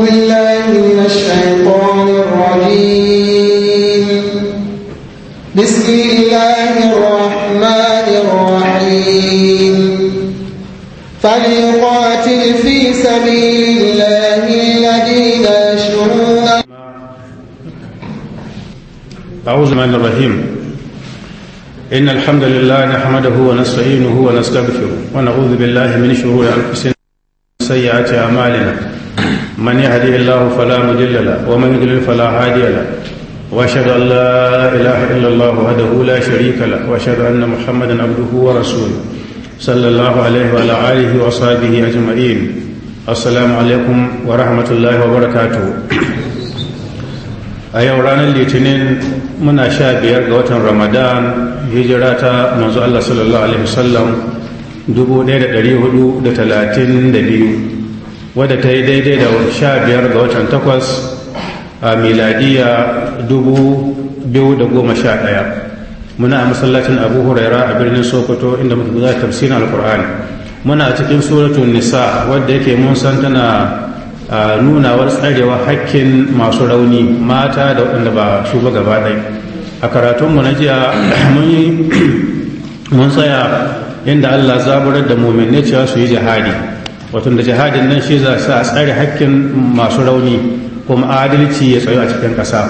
من بسم الله الرحمن الرحيم فليقاتل في سبيل الله أعوذ بالله الرحيم إن الحمد لله نحمده ونستعينه ونستغفره ونعوذ بالله من شرور أنفسنا سيئات أعمالنا من يهدي الله فلا مضل له ومن يضلل فلا هادي له واشهد ان لا اله الا الله وحده لا شريك له واشهد ان محمدا عبده ورسوله صلى الله عليه وعلى اله وصحبه اجمعين السلام عليكم ورحمه الله وبركاته a yau ranar litinin muna sha biyar ga watan ramadan hijira ta manzo allah sallallahu alaihi wasallam 1432 wadda ta yi daidai da sha biyar ga watan 8 a miladiya 2011 muna a masallacin abu huraira a birnin sokoto inda mutum za tafsirin alkur'ani muna a cikin suratun nisa wadda yake mun san tana nunawar tsarewa hakkin masu rauni mata da waɗanda ba su ba gaba ɗaya a karatunmu na jiya mun tsaya inda Allah zaburar da mu'minai cewa su yi jihadi wato da jihadin nan shi za su tsare hakkin masu rauni kuma adalci ya tsayo a cikin ƙasa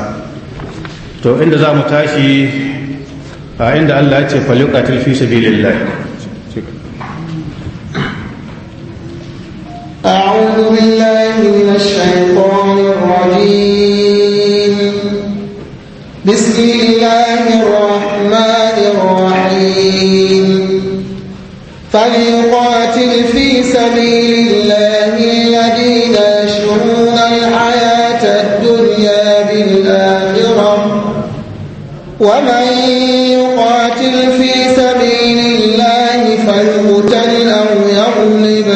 to inda za mu tashi a inda Allah ya ce faluqatil fi sabilillah أعوذ بالله من الشيطان الرجيم بسم الله الرحمن فليقاتل في سبيل الله الذين يشرون الحياة الدنيا بالآخرة ومن يقاتل في سبيل الله فيقتل أو يغلب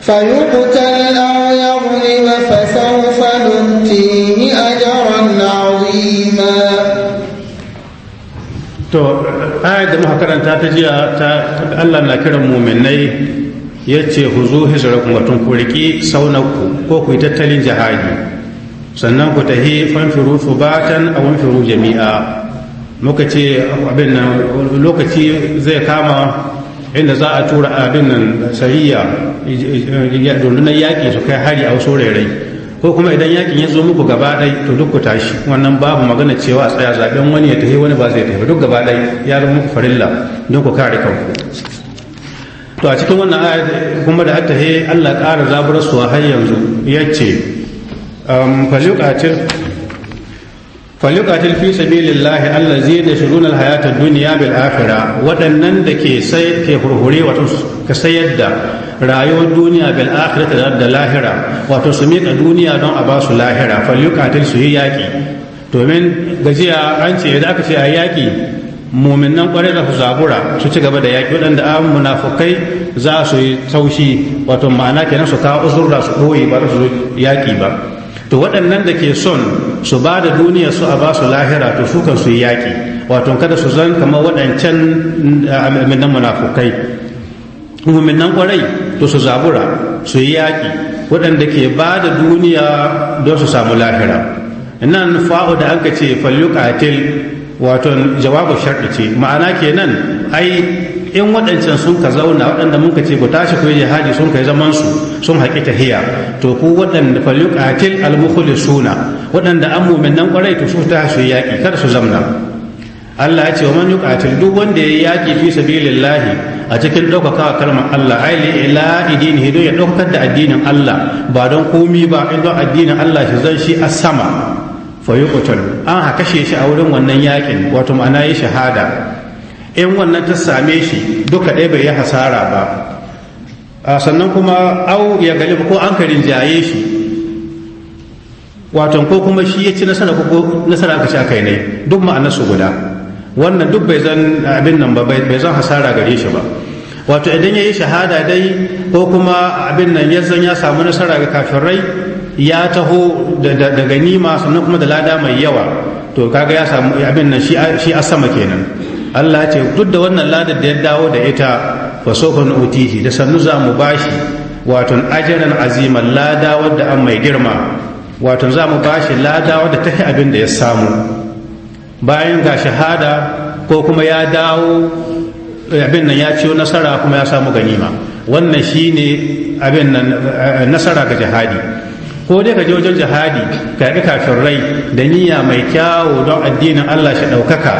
فيقتل ayar da muka karanta ta jiya ta Allah na kiran muminai ya ce ku zo hijirakum wato ku riƙi saunarku ko ku tattalin jihadi sannan ku tahi fanfiru fubatan a wanfiru jami'a muka ce abin nan lokaci zai kama inda za a tura abin nan sariya rundunar yaƙi su kai hari a wasu rairai ko kuma idan yakin ya zo muku gaba ɗai to duk ku tashi wannan babu magana cewa a tsaya zaben wani ya tafi wani ba zai tafi duk gaba ɗai ya zama muku farilla don ku kare kanku to a cikin wannan aya kuma da attahe Allah ƙara zaburar su har yanzu yace ce. falyuqatil fi sabilillahi allazina yashruna alhayata ad-dunya bil akhirah waɗannan da ke sai ke hurhure wato ka sayar da rayuwar duniya bil akhirati da lahira wato su miƙa duniya don a ba su lahira falyuqatil su yi yaƙi domin gajiya an ce idan aka ce a yaƙi muminan kwarai da su zabura su ci gaba da yaƙi waɗanda an munafukai za su yi taushi wato ma'ana kenan su kawo uzurra su koyi ba su yaƙi ba to waɗannan da ke son su ba da duniya su a ba su lahira to su kan su yi yaƙi wato kada su zan kamar waɗancan minan eh, munafukai muhimmin kwarai to su zabura su yi yaƙi waɗanda ke ba da duniya don su samu lahira nan fa'o da anka ce falyuqatil wato jawabu sharɗi ce ma'ana kenan ai in waɗancan sun ka zauna waɗanda mun ka ce ku tashi ku yi jihadi sun ka yi zaman su sun haƙi ta tahiya to ku waɗanda falyuqatil al suna waɗanda an nan kwarai to su ta su yaƙi kada su zamna Allah ya ce wa man yuqatil duk wanda ya yaki fi sabilillahi a cikin ɗaukaka kalmar Allah ai li ila idin ya ɗaukar da addinin Allah ba don komi ba in don addinin Allah shi zan shi a sama fa yuqatil an ha kashe shi a wurin wannan yakin wato ma'ana yi shahada in wannan ta same shi duka ɗaya bai yi hasara ba A sannan kuma au ya gali ko an karin jaye shi wato ko kuma shi ya ci nasara ko nasara ka sha kai ne duk su guda wannan duk bai zan abin nan ba bai zan hasara gare shi ba wato idan yayi shahada dai ko kuma abin nan ya zan ya samu nasara ga kafirai ya taho da ganima sannan kuma da lada mai yawa to kaga ya samu abin nan shi a sama kenan Allah ce duk da wannan ladar da ya dawo da ita fa sofa utihi da sannu za mu bashi wato ajaran aziman lada wadda an mai girma wato za mu bashi lada wadda ta abin da ya samu bayan ga shahada ko kuma ya dawo eh, abin nan ya ciyo nasara kuma ya samu ganima wannan shine abin nan eh, nasara ga jihadi ko dai ka je wajen jihadi ka yi kafin rai da niyya mai kyawo don addinin Allah shi ɗaukaka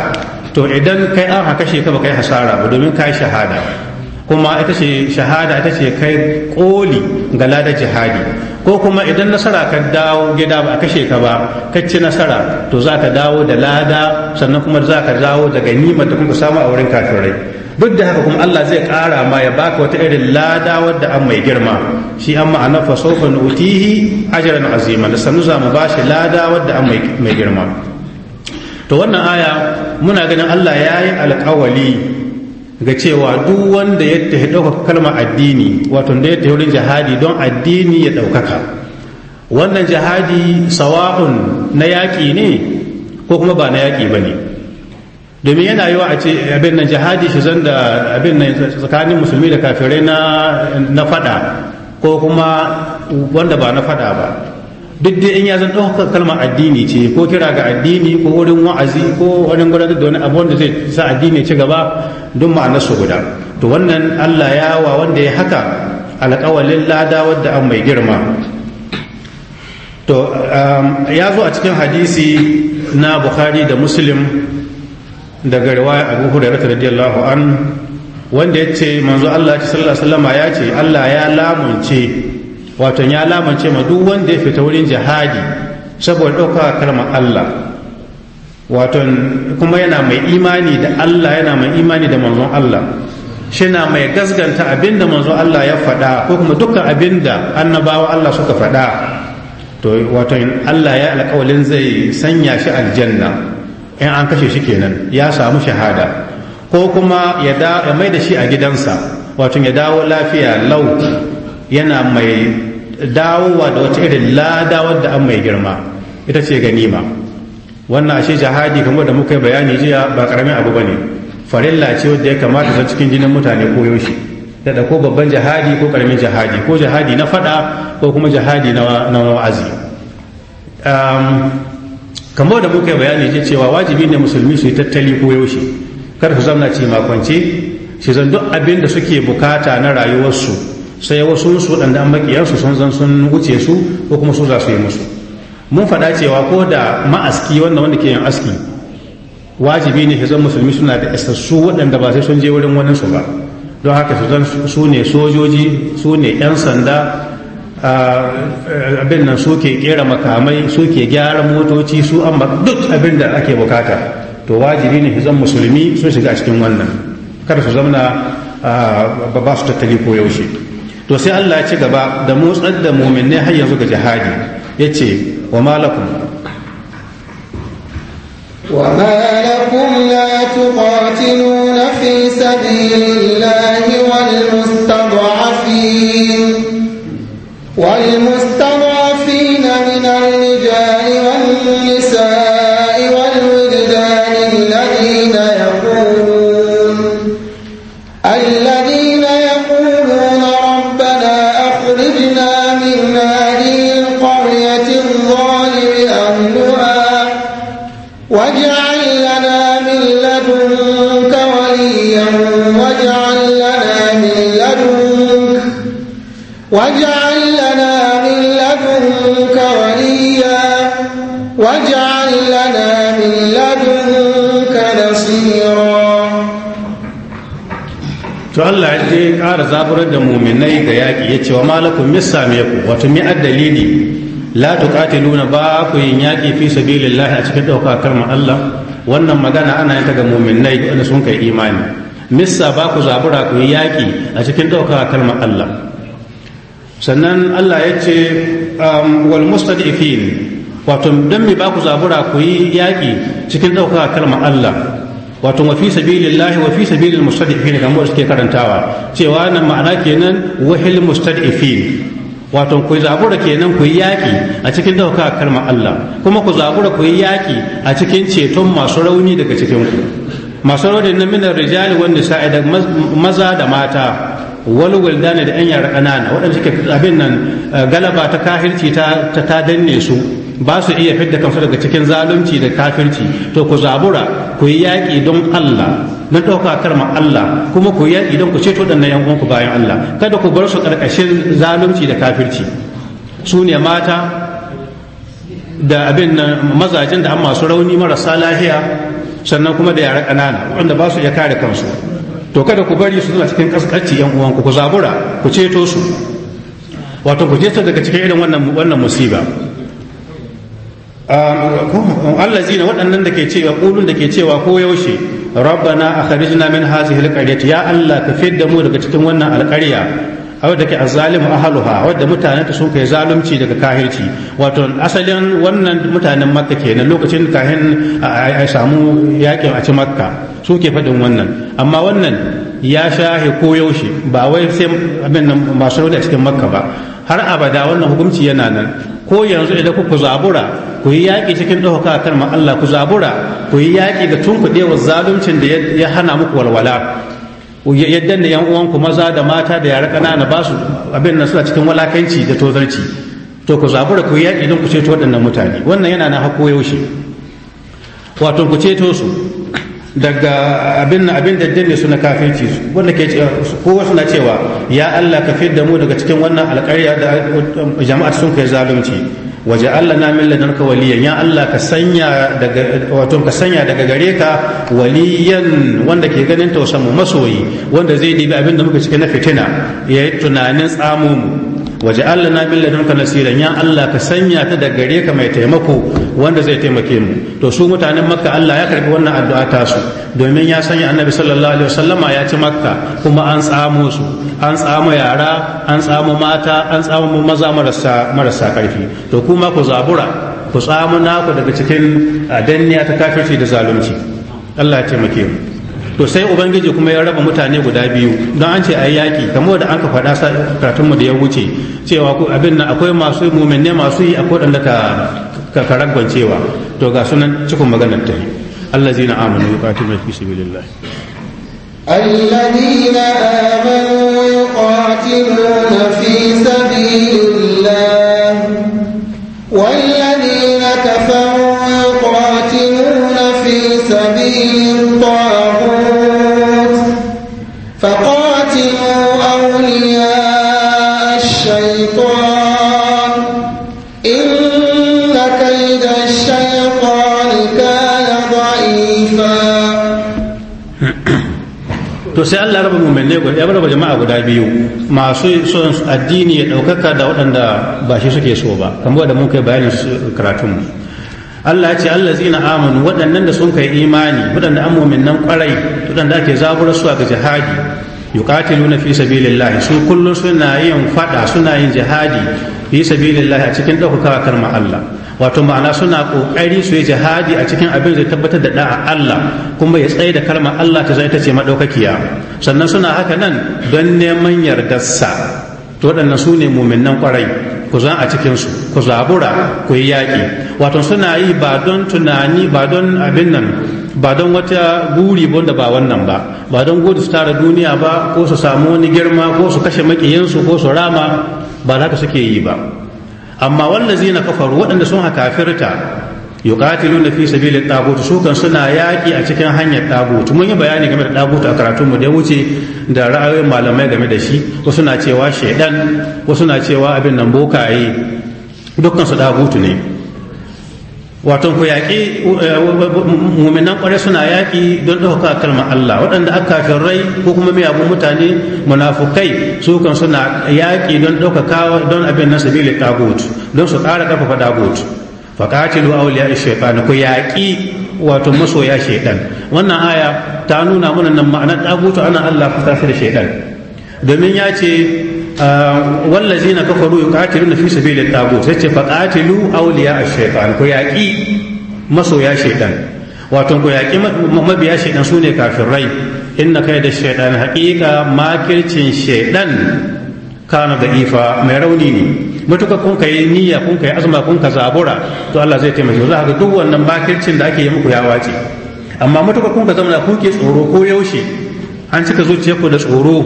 to idan kai an haka shi kai hasara ba domin yi shahada kuma ita ce shahada ita ce kai koli ga lada jihadi ko kuma idan nasara ka dawo gida ba a kashe ka ba ka ci nasara to za ka dawo da lada sannan kuma za ka dawo da ganimar da kuma samu a wurin kafirai duk da haka kuma Allah zai kara ma ya baka wata irin lada wadda an mai girma shi an ma'ana fa sofa nutihi ajran azima da sanu za mu bashi lada wadda an mai girma to wannan aya muna ganin Allah ya yi alƙawali ga cewa duk wanda ya tafi ɗaukaka kalma addini wato da ya tafi wurin jihadi don addini ya ɗaukaka wannan jihadi sawa'un na yaki ne ko kuma ba na yaƙi ba ne domin yana yiwa a ce abin nan jihadi shi zan da abin nan tsakanin musulmi da kafirai na faɗa ko kuma wanda ba na faɗa ba duk dai in ya zan ɗaukar kalmar addini ce ko kira ga addini ko wurin wa'azi ko wurin gudanar da wani abu wanda zai sa addini ci gaba duk su guda to wannan allah ya wa wanda ya haka alƙawalin lada wadda an mai girma to um, ya zo a cikin hadisi na bukhari da muslim daga riwaya abu hurairah radiyallahu an wanda ya ce manzo allah sallallahu alaihi ya ce allah ya lamunce wato ya lamance ma duk wanda ya fita wurin jihadi saboda ɗaukar kalmar Allah wato kuma yana mai imani da Allah yana mai imani da manzon Allah na mai gasganta abinda manzon Allah ya faɗa ko kuma dukkan abinda annabawa Allah suka faɗa to wato Allah ya alƙawalin zai sanya shi aljanna in an kashe shi kenan ya samu shahada ko kuma ya mai da shi a gidansa wato ya dawo lafiya lau yana mai dawowa da wata irin lada wadda an mai girma ita ce ganima wannan ashe jihadi kamar da muka yi bayani jiya ba karamin abu bane farilla ce wadda ya kamata za cikin jinin mutane ko yaushe da ko babban jihadi ko karamin jihadi ko jihadi na fada ko kuma jihadi na wa'azi kamar da muka yi bayani jiya cewa wajibi ne musulmi su yi tattali ko yaushe kar su zamna ce makwance shi zan duk abin da suke bukata na rayuwarsu sai wasu su waɗanda makiyansu sun zan sun wuce su ko kuma su za su yi musu mun faɗa cewa ko da ma'aski wanda wanda ke yin aski wajibi ne zan musulmi suna da isassu waɗanda ba sai sun je wurin wani su ba don haka su zan su ne sojoji su ne 'yan sanda abin nan su ke kera makamai su ke gyara motoci su amma duk abin da ake bukata to wajibi ne zan musulmi sun shiga cikin wannan kada su zamna ba su tattali ko yaushe to sai Allah ya ci gaba da motsar da muminai har yanzu ga jihadi ya ce wa malakum وما لكم لا تقاتلون في سبيل الله والمستضعفين والمستضعفين من لدنك واجعل لنا من لدنك وليا واجعل لنا من لدنك نصيرا to Allah ya je ƙara zaburar da muminai ga yaƙi ya ce wa malakun mis same ku wato mi dalili la tuqatiluna ba ku yin yaƙi fi sabilillah a cikin ɗaukakar mu Allah wannan magana ana yin ta ga muminai da sun kai imani missa ba ku zabura ku yi yaƙi a cikin ɗaukawa kalmar Allah sannan Allah ya ce um, wal mustad'ifin wato don me ba ku zabura ku yi yaƙi cikin ɗaukawa kalmar Allah wato wa fi sabilillahi wa fi sabilil mustad'ifin kamar suke karantawa cewa nan ma'ana kenan wahil mustad'ifin wato ku zabura kenan ku yi yaƙi a cikin ɗaukawa kalmar Allah kuma ku zabura ku yi yaƙi a cikin ceton masu rauni daga cikin ku masu rodin na minar rijali wanda sa'i da maza da mata wani ne da 'yan yara ƙanana waɗanda suke abin nan eh, galaba ta kahirci ta ta danne su ba su iya fidda kansu daga cikin zalunci da kafirci to ku zabura ku yi yaƙi don Allah na ɗauka karma Allah kuma ku yi yaƙi don ku ceto ɗannan yankun uwanku bayan Allah kada ku bar su ƙarƙashin zalunci da kafirci su ne mata da abin nan mazajen da an masu rauni marasa lahiya sannan kuma da yara ƙanana wanda ba su iya kare kansu to kada ku bari su zuwa cikin ƙasƙanci yan uwanku ku zabura ku ceto su wato ku ceto daga cikin irin wannan wannan musiba zina waɗannan da ke cewa ƙulun da ke cewa ko yaushe rabbana akhrijna min hadhihi alqaryati ya allah ka fidda mu daga cikin wannan alƙarya a da ke azalim ahaluha wadda mutanen ta sun kai zalunci daga kahirci wato asalin wannan mutanen makka kenan lokacin kahin a samu yakin a ci makka su ke faɗin wannan amma wannan ya shahe ko yaushe ba wai sai abin nan masu rauni a cikin makka ba har abada wannan hukunci yana nan ko yanzu idan ku zabura ku yi yaƙi cikin ɗaukaka kan Allah ku zabura ku yi yaƙi ga tunkuɗewar zaluncin da ya hana muku walwala yadda da yan uwanku maza da mata da yara ƙanana ba su abin nan suna cikin walakanci da tozarci to ku zabura ku yaƙi don ku ceto waɗannan mutane wannan yana na hako yaushe wato ku ceto su daga abin abin da danne suna kafirci su wanda ke kowa suna cewa ya Allah ka fidda mu daga cikin wannan alƙarya da jama'a sun kai zalunci waje Allah na min lanarka waliyan ya Allah ka sanya daga wato ka sanya daga gare ka waliyan wanda ke ganin tausan mu masoyi wanda zai dibi abin muka cike na fitina ya tunanin tsamo mu Waje Allah na waj'alna min ka nasiran ya Allah ka sanya ta da gare ka mai taimako wanda zai taimake mu to su mutanen makka Allah ya karbi wannan addu'a ta su domin ya sanya annabi sallallahu alaihi wasallama ya ci makka kuma an tsamo su an tsamo yara an tsamo mata an tsamo maza marasa marasa karfi to kuma ku zabura ku tsamo naku daga cikin ah, danniya ta kafirci da zalunci Allah ya taimake mu to sai ubangiji kuma ya raba mutane guda biyu don an ce ayi yaki kamar da ka faɗa karatun mu da ya wuce cewa ko abin na akwai masu ne masu yi akwai wadanda ka ka cewa to ga sunan cikin maganar ta yi allah amanu yuqatiluna fi sabilillah الذين آمنوا يقاتلون في sai Allah raba mu'minai ya raba jama'a guda biyu masu son addini ya ɗaukaka da waɗanda ba shi suke so ba kamar da mun kai bayanin karatun mu Allah ya ce Allah zina amanu waɗannan da sun kai imani waɗanda an mu'minan ƙwarai waɗanda ake zabuwar su a ga jihadi yuqatiluna fi sabilillahi su kullun suna yin fada suna yin jihadi fi sabilillahi a cikin ɗaukaka kalmar Allah wato ma'ana suna kokari su yi jihadi a cikin abin zai tabbatar da da'a Allah kuma ya tsaye da kalmar Allah ta zai ta ce madaukakiya sannan suna haka nan don neman yardarsa to waɗannan su ne muminan kwarai ku zan a cikinsu ku zabura ku yi yaƙi wato suna yi ba don tunani ba don abin nan ba don wata guri wanda ba wannan ba ba don gudu su tara duniya ba ko su samu wani girma ko su kashe makiyansu, ko su rama ba za ka suke yi ba amma na kafaru waɗanda sun kafirta yuqatiluna fi sabili tagut su kan suna yaki a cikin hanyar dagutu, mun yi bayani game da tagut a karatun mu da wuce da ra'ayoyin malamai game da shi wasu na cewa shaidan wasu na cewa abin nan bokaye dukkan su ne wato ku yaƙi eh, muminan ƙware suna yaƙi don ɗauka kalmar Allah waɗanda aka rai ko kuma miyagun mutane munafukai su kan suna yaƙi don kawo don abin nasu bilin tagut don su ƙara ƙarfafa tagut faqatilu ishe shaytan ku yaƙi wato masoya shaytan wannan aya ta nuna mana nan ma'anar dagutu ana Allah ku da shaytan domin ya ce wallazi na kafaru yi katilu na fi sabi da tago sai ce faƙatilu auliya a shaitan ku yaƙi masoya shaitan wato ku yaƙi mabiya shaitan su ne kafin rai inna kai da shaitan haƙiƙa makircin shaitan kana da ifa mai rauni ne matuka kun kai niyya kun kai azuma kun ka zabura to Allah zai taimake za ka duk wannan makircin da ake yi muku ya wace amma matuka kun ka zama ku ke tsoro ko yaushe an cika zuciyarku da tsoro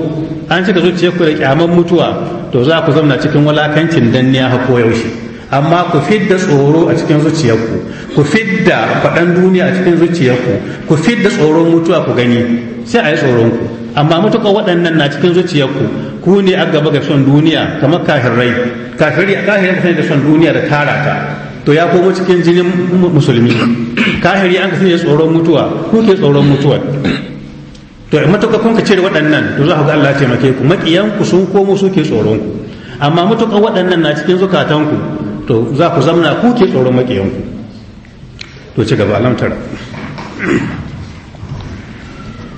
an cika zuciyarku da kyaman mutuwa to za ku zauna cikin walakancin danniya ha yaushe amma ku fidda tsoro a cikin zuciyarku ku fidda faɗan duniya a cikin zuciyarku ku fidda tsoron mutuwa ku gani sai a yi tsoronku amma mutuƙa waɗannan na cikin zuciyarku ku ne a gaba ga son duniya kamar kafirai kafirai kafirai da son duniya da tara to ya komo cikin jinin musulmi kahiri an kasance tsoron mutuwa kuke tsoron mutuwa to matuƙa kun ka cire waɗannan to za ku ga Allah ya taimake ku ku sun komo suke tsoron ku amma matuƙa waɗannan na cikin zukatanku to za ku zamna ku ke tsoron ku. to ci gaba alam tara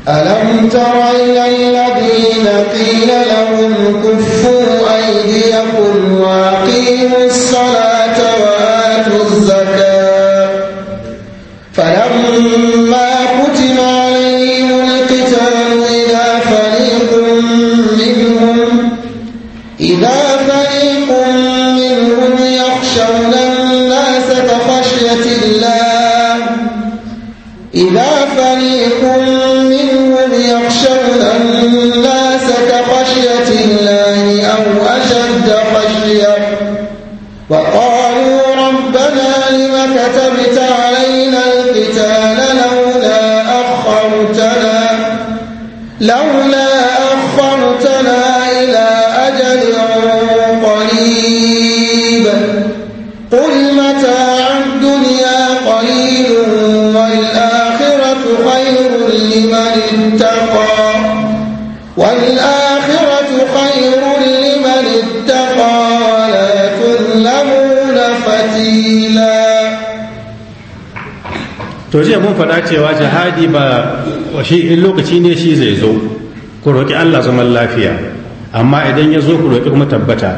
ألم تر إلى الذين قيل لهم كفوا أيديكم وأقيموا الصلاة وآتوا الزكاة فلما إذا فريق منهم يخشون الناس كخشية الله إذا فريق منهم يخشون الناس كخشية الله أو أشد خشية وقالوا ربنا لم كتبت to jiya mun faɗa cewa jihadi ba shi in lokaci ne shi zai zo ku roƙi Allah zaman lafiya amma idan ya zo ku roƙi kuma tabbata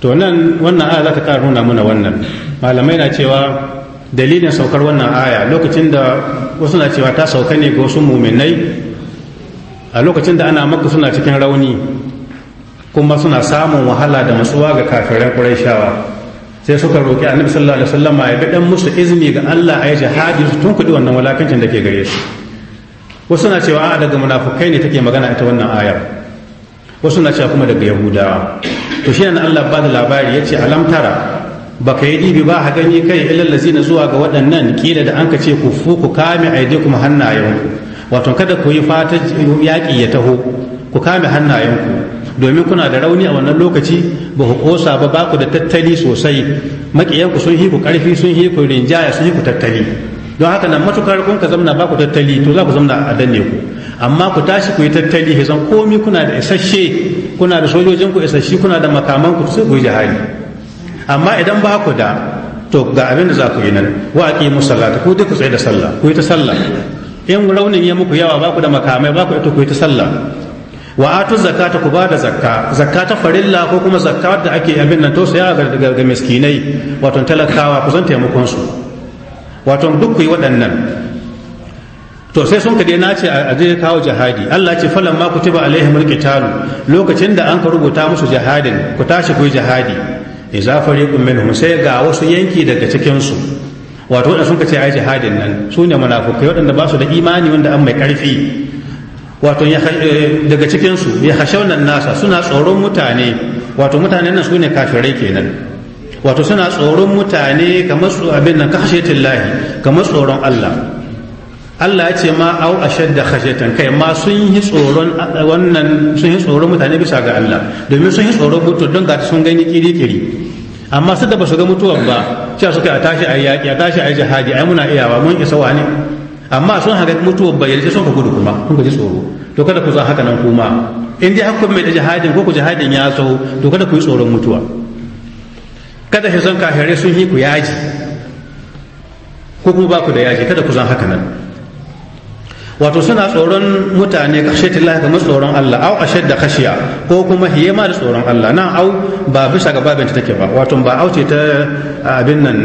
to nan wannan aya za ta ƙara nuna mana wannan malamai na cewa dalilin saukar wannan aya lokacin da wasu na cewa ta sauka ne ga wasu muminai a lokacin da ana maka suna cikin rauni kuma suna samun wahala da matsuwa ga kafiran shawa. sai suka roƙi annabi sallallahu alaihi wasallam ya bi dan musu izini ga Allah a yi jihadi su tunkuɗi wannan walakancin da ke gare su wasu na cewa a daga munafukai ne take magana ita wannan ayar wasu na cewa kuma daga yahudawa to shi ne Allah ba da labari ya ce alamtara ba ka yi ɗibi ba ha gani kai ilallazi na zuwa ga waɗannan kila da an ka ce ku fu ku kame aide kuma hannayenku wato kada ku yi fata yaƙi ya taho ku kame hannayenku domin kuna da rauni a wannan lokaci ba ku kosa ba ba ku da tattali sosai makiyanku sun hiku karfi sun hiku rinjaya sun hiku tattali don haka nan matukar kun ka zamna ba ku tattali to za ku zamna a danne ku amma ku tashi ku yi tattali hizan komi kuna da isasshe kuna da sojojin ku isasshe kuna da makaman ku sai ku yi jihari amma idan ba ku da to ga abin da za ku yi nan wa aqi musallata ku dai ku tsaye da sallah ku yi ta sallah in raunin ya muku yawa ba ku da makamai ba ku ita ku yi ta sallah wa atu zakata ku bada zakka zakka ta farilla ko kuma zakka da ake abin nan to sai ga ga miskinai wato talakawa ku zan taimakon su wato duk kuyi waɗannan to sai sun kade na ce a je kawo jihadi Allah ce falan ma kutiba mulki talu lokacin da an ka rubuta musu jihadin ku tashi ku yi jihadi idza fariqun minhum sai ga wasu yanki daga cikin su wato wanda sun ka ce ai jihadin nan sune ne munafukai waɗanda ba su da imani wanda an mai karfi wato eh, daga cikinsu ya hashaunan nasa suna tsoron mutane wato mutanen nan su ne kafirai kenan wato suna tsoron mutane kamar su abin nan kashetin lahi kamar tsoron Allah Allah ya ce ma au ashadda khashatan kai ma sun yi tsoron eh, wannan sun yi tsoron mutane bisa ga Allah domin sun yi tsoron mutu don ga sun gani kiri kiri amma su da ba su ga mutuwan ba cewa suka a tashi a yaƙi a tashi a jihadi ai muna iyawa mun isa wani amma sun haka mutuwar bayyana sun ka gudu kuma kun ka ji tsoro to kada ku zo haka nan kuma in dai hakkun mai da jihadin ko ku jihadin ya so to kada ku yi tsoron mutuwa kada shi san kafirai sun yi ku yaji ko kuma ba ku da yaji kada ku zan haka nan wato suna tsoron mutane kashetillahi kamar tsoron Allah au ashad da khashiya ko kuma hiyama da tsoron Allah nan au ba bisa ga babin ta take ba wato ba au ce ta abin nan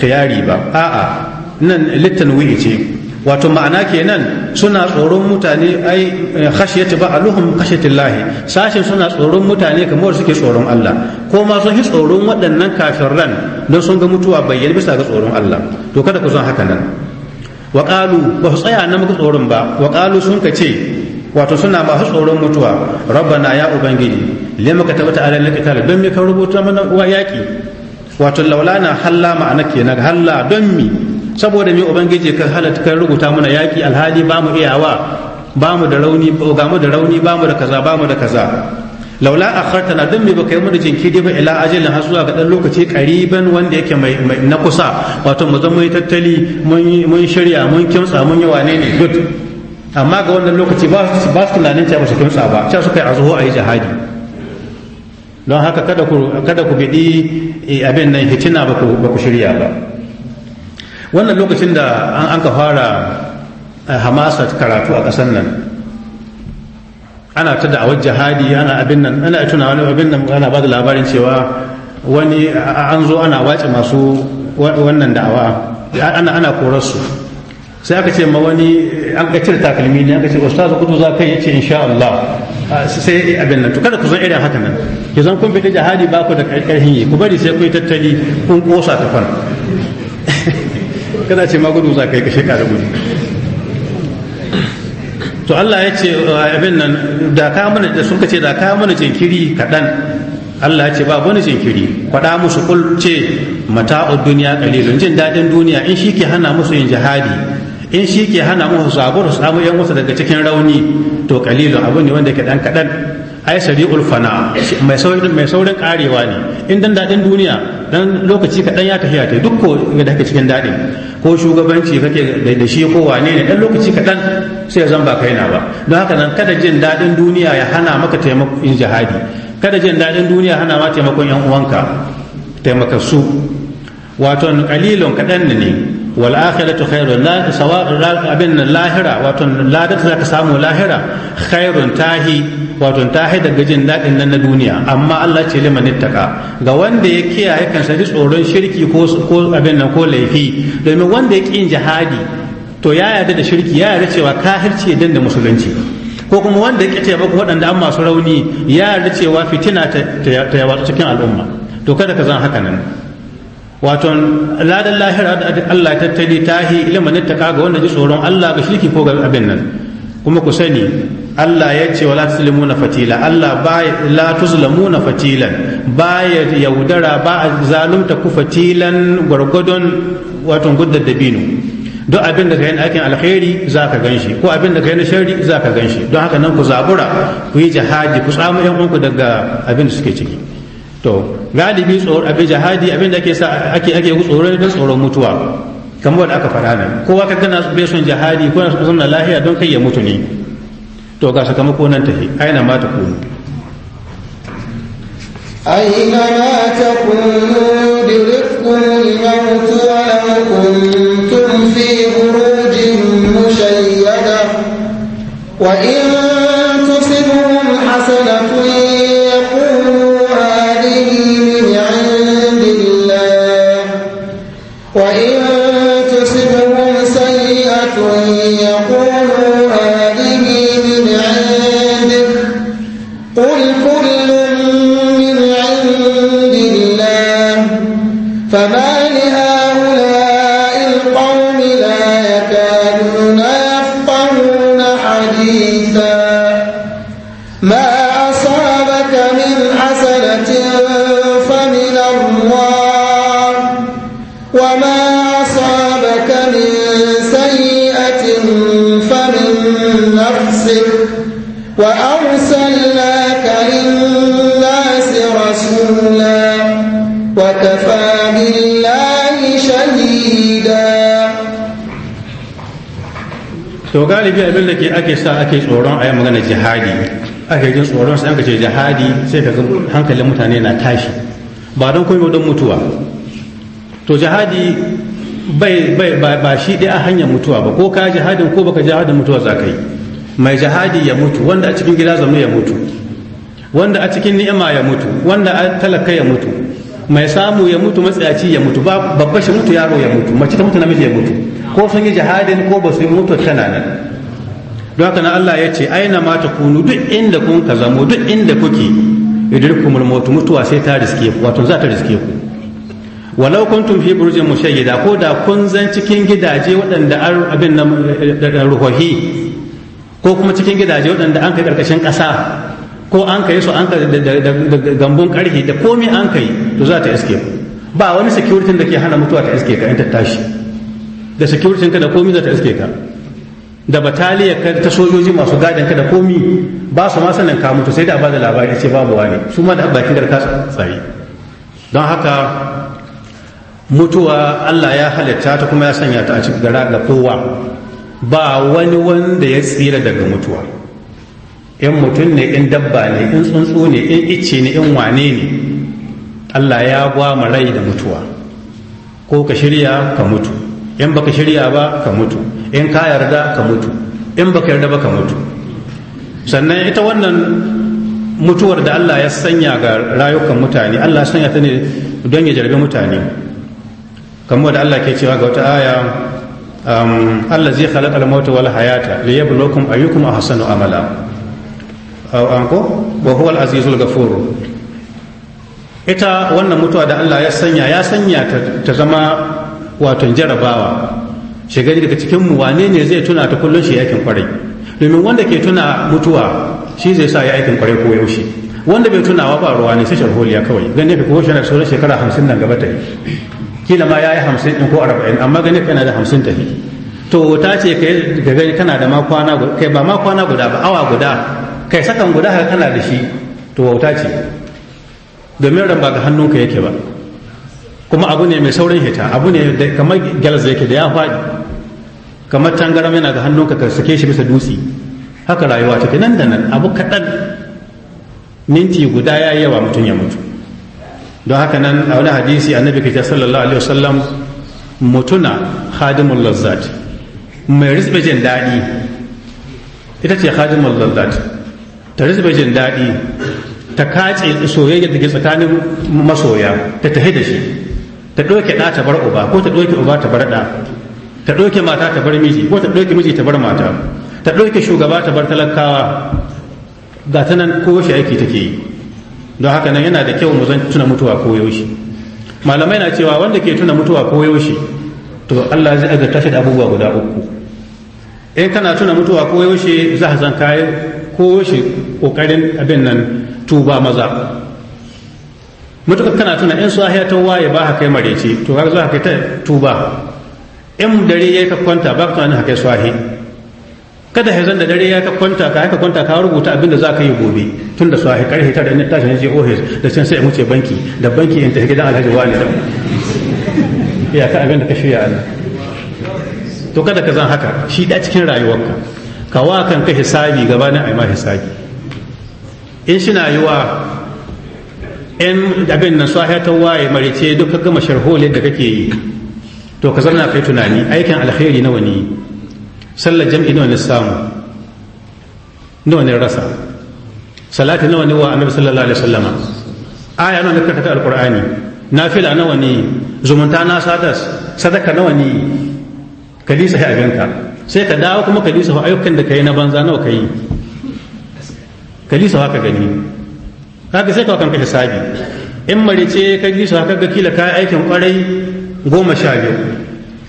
tayari eh, eh, ba a'a nan littanwi ce wato ma'ana kenan suna tsoron mutane ai khashiyati ba'aluhum khashiyatillahi sashin suna tsoron mutane kamar suke tsoron Allah ko ma sun tsoron waɗannan kafirran don sun ga mutuwa bayyana bisa ga tsoron Allah to kada ku san haka nan wa qalu ba su tsaya nan muka tsoron ba wa qalu sun ka ce wato suna masu tsoron mutuwa rabbana ya ubangiji le muka tabbata alal qital don me ka rubuta mana wa yaki wato laulana halla ma'ana kenan halla don mi saboda me ubangiji ka halatta ka rubuta muna yaki alhali ba mu iyawa ba mu da rauni ga mu da rauni ba mu da kaza ba mu da kaza laula akhartana dan me baka yi mana jinkiri ba ila ajalin har zuwa ga dan lokaci kariban wanda yake mai na kusa wato mu zama yi tattali mun shirya mun kimtsa mun yi wane ne good amma ga wannan lokaci ba su tunanin cewa ba su kimtsa ba cewa su kai azuhu a yi jihadi don haka kada ku kada ku bidi eh, abin nan hitina ba ku shirya ba wannan lokacin da an ka fara eh, hamasa karatu a ƙasar nan ana ta da'awar jihadi ana abin nan ana tuna wani abin nan ana ba da labarin cewa wani an zo ana wace masu wannan da'awa ana ana korarsu sai aka ce ma wani an ka cire takalmi ne aka ce ustaz kudu za yi ce insha Allah sai abin nan to kada ku zan irin haka nan ki zan kun bi jihadi ba ku da karfin yi ku bari sai ku yi tattali kun kosa ta fara kana ce ma gudu za ka yi ka da gudu to Allah ya ce abin nan da ka mana da sun ce da ka mana jinkiri kaɗan Allah ya ce ba wani jinkiri faɗa musu kul ce mata'ud duniya qalilun jin daɗin duniya in shi ke hana musu yin jihadi in shi ke hana musu sabur su samu yan wasu daga cikin rauni to kalilun abu ne wanda ke dan kadan ai sari'ul fana mai saurin mai saurin karewa ne in dan dadin duniya dan lokaci kaɗan ya tafiya ta duk ko da kake cikin daɗi ko shugabanci kake da shi ko wane ne dan lokaci kaɗan sai ya zamba na ba don haka nan kada jin daɗin duniya ya hana maka taimakon jihadi kada jin daɗin duniya hana ma taimakon yan uwanka taimaka su wato kalilon kaɗan ne wal akhiratu khairun la sawab abin lahira wato ladar za ka samu lahira khairun tahi wato tahi daga jin daɗin nan na duniya amma Allah ce liman ittaka ga wanda ya kiyaye kansa tsoron shirki ko ko abin nan ko laifi domin wanda ya kin jihadi to ya yarda da shirki ya yarda cewa kafirci dan da musulunci ko kuma wanda ya ƙi taimako waɗanda an masu rauni ya yarda cewa fitina ta yawa cikin al'umma to kada ka zan haka nan wato ladan lahira da Allah ya tattali tahi ilimin ta ga wanda ji tsoron Allah ga shirki ko ga abin nan kuma ku sani Allah ya ce wala tuzlamuna fatila Allah ba la tuzlamuna fatilan ba ya yaudara ba zalunta ku fatilan gurgudun wato gudda dabino don abin da ka yi aikin alkhairi za ka gan ko abin da ka na shari za ka gan don haka nan ku zabura ku yi jihadi ku tsamu yan uku daga abin da suke ciki to galibi tsoro abi jihadi abin da ake sa ake ake tsoro don tsoron mutuwa kamar wanda aka faɗa nan kowa ka kana bai son jihadi ko na son lahiya don kai ya mutu ne to ga sakamako nan tafi aina ma ta kunu aina ma ta kunu dirkum al-maut wa law kuntum fi burujin mushayyada wa in ake sa ake tsoron a yi magana jihadi ake jin tsoron sai aka ce jihadi sai ka hankalin mutane na tashi ba don komai don mutuwa to jihadi bai ba shi dai a hanyar mutuwa ba ko ka jihadin ko baka jihadin mutuwa za ka yi mai jihadi ya mutu wanda a cikin gida zama ya mutu wanda a cikin ni'ima ya mutu wanda a talaka ya mutu mai samu ya mutu matsayaci ya mutu babba shi mutu yaro ya mutu mace ta mutu namiji ya mutu ko sun yi jihadin ko ba su yi mutu tana nan don haka na Allah ya ce aina ma ta kunu duk inda kun ka zamo duk inda kuke idirku mautu mutuwa sai ta riske ku wato za ta riske ku walau kuntum fi burjin mushayyida ko da kun zan cikin gidaje waɗanda abin nan ruhohi ko kuma cikin gidaje waɗanda an kai ƙarƙashin ƙasa ko an kai su an da gambun ƙarhe da komai an kai to za ta iske ku ba wani security da ke hana mutuwa ta iske ka in ta tashi da security ka da komai za ta iske ka da bataliya ka ta sojoji masu gadon ka da komi ba su ma sanin ka mutu sai da ba da labari ce babu wani su ma da bakin garka tsaye don haka mutuwa Allah ya halitta ta kuma ya sanya ta a cikin gara ga kowa ba wani wanda ya tsira daga mutuwa in mutum ne in dabba ne in tsuntsu ne in icce ne in wane ne Allah ya gwama rai da mutuwa ko ka shirya ka mutu in baka shirya ba ka mutu in ka yarda ka mutu in baka yarda ba ka mutu sannan ita wannan mutuwar da Allah ya sanya ga rayukan mutane Allah ya sanya ta ne don ya jarbe mutane kamar da Allah ke cewa ga wata aya um, Allah zai khalaqa al-mauta wal hayata liyabluwakum ayyukum ahsanu amala anko wa huwa al-azizul ghafur ita wannan mutuwa da Allah ya sanya ya sanya ta zama wato jarabawa shiga daga cikin mu wane ne zai tuna ta kullum shi aikin kwarai domin wanda ke tuna mutuwa shi zai sa ya aikin kwarai ko yaushe wanda bai tunawa ba ruwa ne sai sharholiya kawai gani ka ko shana sauran shekara hamsin nan gaba ta yi kila ma ya yi hamsin ɗin ko arba'in amma gani ka yana da hamsin ta yi to ta ce ka gani kana da makwana kai ba makwana guda ba awa guda kai sakan guda haka kana da shi to wauta ce domin ran ba ga hannunka yake ba kuma abu ne mai saurin hita abu ne kamar gyalas da yake da ya faɗi kamar tangaram yana ga hannunka ka sake shi bisa dutse haka rayuwa take nan da nan abu kaɗan minti guda ya yi yawa mutum ya mutu don haka nan a wani hadisi annabi kake sallallahu alaihi wasallam mutuna khadimul lazzat mai rizbe jin daɗi ita ce khadimul lazzat ta rizbe jin daɗi ta kace soyayya da ke tsakanin masoya ta tahi da shi ta ɗauke ɗa ta bar uba ko ta ɗauke uba ta bar ɗa ta ɗauke mata ta bar miji ko ta ɗauke miji ta bar mata ta ɗauke shugaba ta bar talakawa ga ta nan ko shi aiki take yi don haka nan yana da kyau mu zan tuna mutuwa ko yaushe. malamai na cewa wanda ke tuna mutuwa ko yaushe, to Allah zai aga tashi da abubuwa guda uku in kana tuna mutuwa ko yaushe za ka zan ko yaushe kokarin abin nan tuba maza mutukar kana tuna in su ahiya ta waye ba haka mare ce, to har zuwa kai ta tuba in dare ya ka kwanta ba ka tunanin haka swahi kada ya zan da dare ya ka kwanta ka haka kwanta ka rubuta abin da za ka yi gobe tun da su swahi karhe ta da ni tashi je office da can sai in wuce banki da banki in tafi gidan alhaji wani ya ka abin da ka shirya Allah to kada ka zan haka shi da cikin rayuwarka ka wa kan ka hisabi gabanin ai ma hisabi in shi na wa. in abin nan sahiya tawa ya marice duk ka gama sharholin da kake yi to ka zanna kai tunani aikin alkhairi nawa ne sallar jam'i nawa ne samu nawa ne rasa salati nawa ne wa annabi sallallahu alaihi wasallama aya nawa ne ka ta alqur'ani nafila nawa ne zumunta na sadas sadaka nawa ne ka lisa abinka sai ka dawo kuma ka lisa ayyukan da kai na banza nawa kai ka lisa haka gani kaga sai ka kanka hisabi in marice ka ji su ga kila kayan aikin kwarai goma sha biyu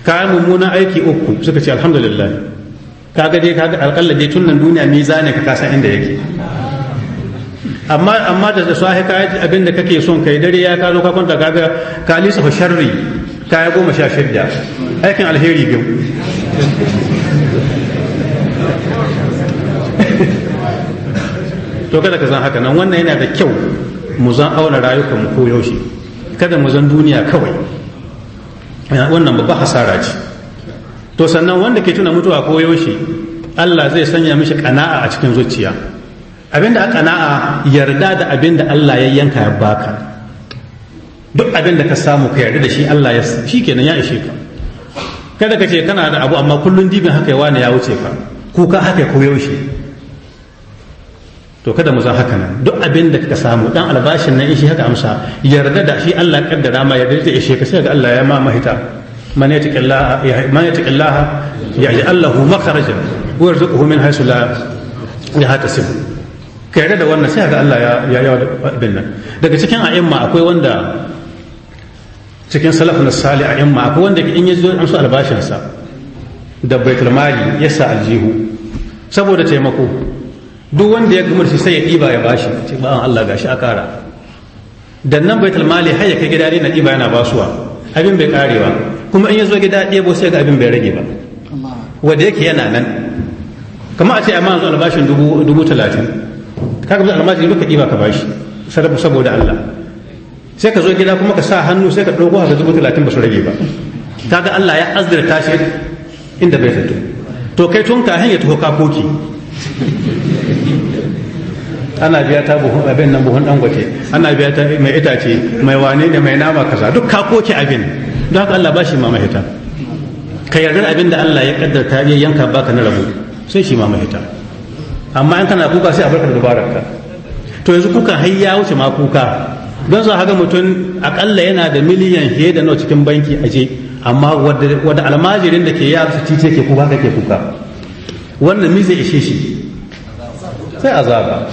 kayan aiki uku suka ce alhamdulillah kaga dai kaga alƙalla dai tun nan duniya zane ka kasa inda yake amma amma da sahi ka abin da kake son kai dare ya ka zo ka kwanta kaga ka lisa sharri kaya goma sha shidda aikin alheri biyu to kada ka san haka nan wannan yana da kyau mu zan auna rayukan mu koyaushe kada mu zan duniya kawai wannan babba hasara ce to sannan wanda ke tuna mutuwa koyaushe Allah zai sanya mishi kana'a a cikin zuciya abinda aka na'a yarda da abinda Allah ya yanka ya baka duk abinda ka samu ka yarda da shi Allah ya shikenan ya ishe ka kada ka ce kana da abu amma kullun dibin haka ya wani ya wuce ka kuka haka koyaushe to kada mu zan haka nan duk abin da kaka samu dan albashin nan shi haka amsa yarda da shi Allah kaddara ma yarda da shi ka sai ga Allah ya ma mahita man yattaqillaha man yattaqillaha ya'jal lahu makharajan wa yarzuquhu min haythu la yahtasib ka yarda da wannan sai ga Allah ya ya yawa abin nan daga cikin a'imma akwai wanda cikin salafun salih a'imma akwai wanda in ya zo amsa albashin sa da baitul mali yasa aljihu saboda taimako duk wanda ya gumar shi sai ya ɗiba ya bashi ce ba an Allah gashi a kara dan nan baitul mali har ya kai gida na ɗiba yana basuwa abin bai karewa kuma in ya zo gida ɗebo sai ga abin bai rage ba wanda yake yana nan kamar a ce amma yanzu albashin dubu talatin Ka mutum albashin duka ɗiba ka bashi sarrafa saboda Allah sai ka zo gida kuma ka sa hannu sai ka ɗauko haka dubu talatin ba su rage ba kaga Allah ya azzirta shi inda bai zato to kai tun kahin ya taho kakoki ana biya ta buhun abin nan buhun dangote ana biya ta mai itace mai wane da mai nama kaza duk ka koke abin don haka Allah ba shi ma mahita ka yarda abin da Allah ya ta ya yanka baka na rabu sai shi ma mahita amma in kana kuka sai a barka da dubararka to yanzu kuka har ya wuce ma kuka don za ga mutum akalla yana da miliyan fiye da nawa cikin banki aje amma wadda almajirin da ke yara su ce ke kuka kake kuka wannan mi zai ishe shi sai azaba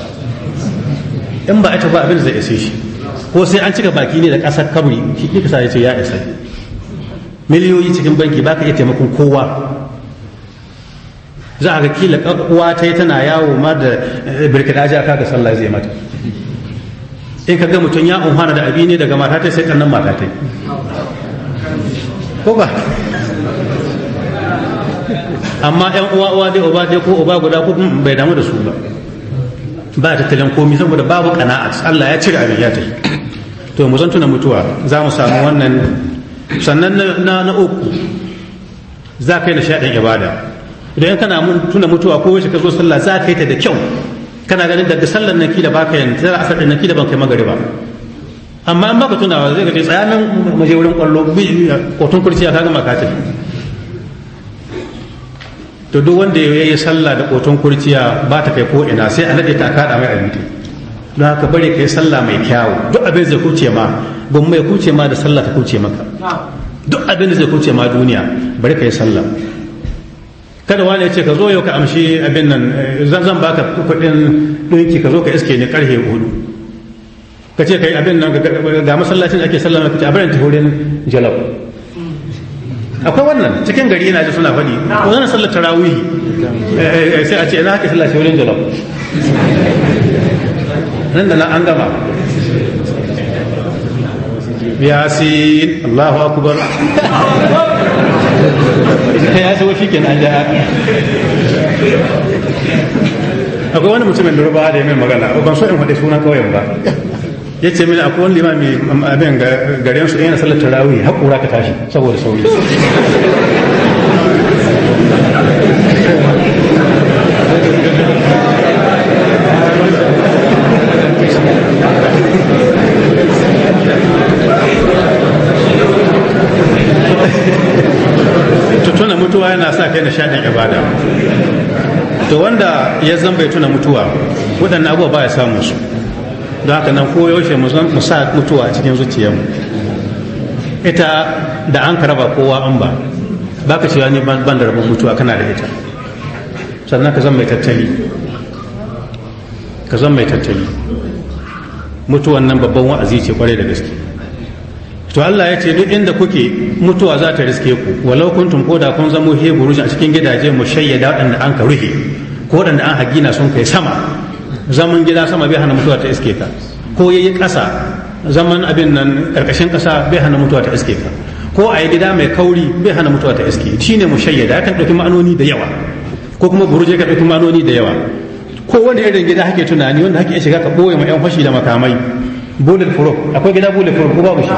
in ba ita ba abin zai ishe shi ko sai an cika baki ne da ƙasar kabri shi ne kasar ya ce ya isa miliyoyi cikin banki baka iya taimakon kowa za a ga kila uwa ta tana yawo ma da eh, birkida aji aka ga sallah zai mata in ka ga mutum ya umhana da abi ne daga mata ta sai ta nan mata ta ko ba amma yan uwa uwa dai uba dai ko uba guda ko bai damu da su ba ba tattalin komi saboda babu kana'a Allah ya cire abin ya tafi to mu san tuna mutuwa za mu samu wannan sannan na na uku za ka yi nishaɗin ibada idan kana tuna mutuwa ko wace ka zo sallah za ka yi ta da kyau kana ganin daga sallar nan kila baka yin tsara asar nan kila ban kai magariba amma an baka tunawa zai ka ce tsayanin maje wurin kwallo bi kotun kurciya ka gama ka to duk wanda ya yi sallah da ƙoton kurciya ba ta kai ko ina sai a nade ta kada mai abinci don haka bari ka yi sallah mai kyawu duk abin zai kuce ma gwamma mai kuce ma da sallah ta kuce maka duk abin da zai kuce ma duniya bari ka yi sallah kada wani ya ce ka zo yau ka amshi abin nan eh, zan zan baka kuɗin ɗinki ka zo ka iske ni karhe hudu ka ce ka yi abin nan ga masallacin ake sallah mai kuce a barin ta hurin jalau akwai wannan cikin gari na ji suna faɗi ko zana sallar tarawihi eh, eh, eh, sai a ce ina haka sallar wurin jalof nan da nan an gama yasin Allahu akbar ya sai shi kenan an ja akwai wani mutumin da ruba da ya mai magana ban so in faɗi sunan kawai ba ya ce mini akwai wani limami um, abin garin su yana sallar tarawih haƙura ka tashi saboda sauri tuna mutuwa yana sa kai nishadin ibada to wanda ya zan bai tuna mutuwa waɗannan abubuwa ba ya samu su don haka nan koyaushe mu sa mutuwa a cikin zuciyarmu ita da an ka raba kowa an ba ba ka cewa ni ban da rabin mutuwa kana da ita sannan ka zama mai tattali ka zama mai tattali mutuwan nan babban wa'azi ce kwarai da gaske to Allah ya ce duk inda kuke mutuwa za ta riske ku walau kuntum ko da kun zamo heburu a cikin gidaje mu shayyada waɗanda an ka ruhe ko waɗanda an hagina sun kai sama zaman gida sama bai hana mutuwa ta iske ka ko yayi ƙasa zaman abin nan ƙarƙashin ƙasa bai hana mutuwa ta iske ka ko a yi gida mai kauri bai hana mutuwa ta iske shine mushayyada kan ɗauki ma'anoni da yawa ko kuma buruje ka ɗauki ma'anoni da yawa ko wani irin gida hake tunani wanda hake shiga ka boye ma 'yan fashi da makamai bulil furuk akwai gida bulil furuk ko babu shi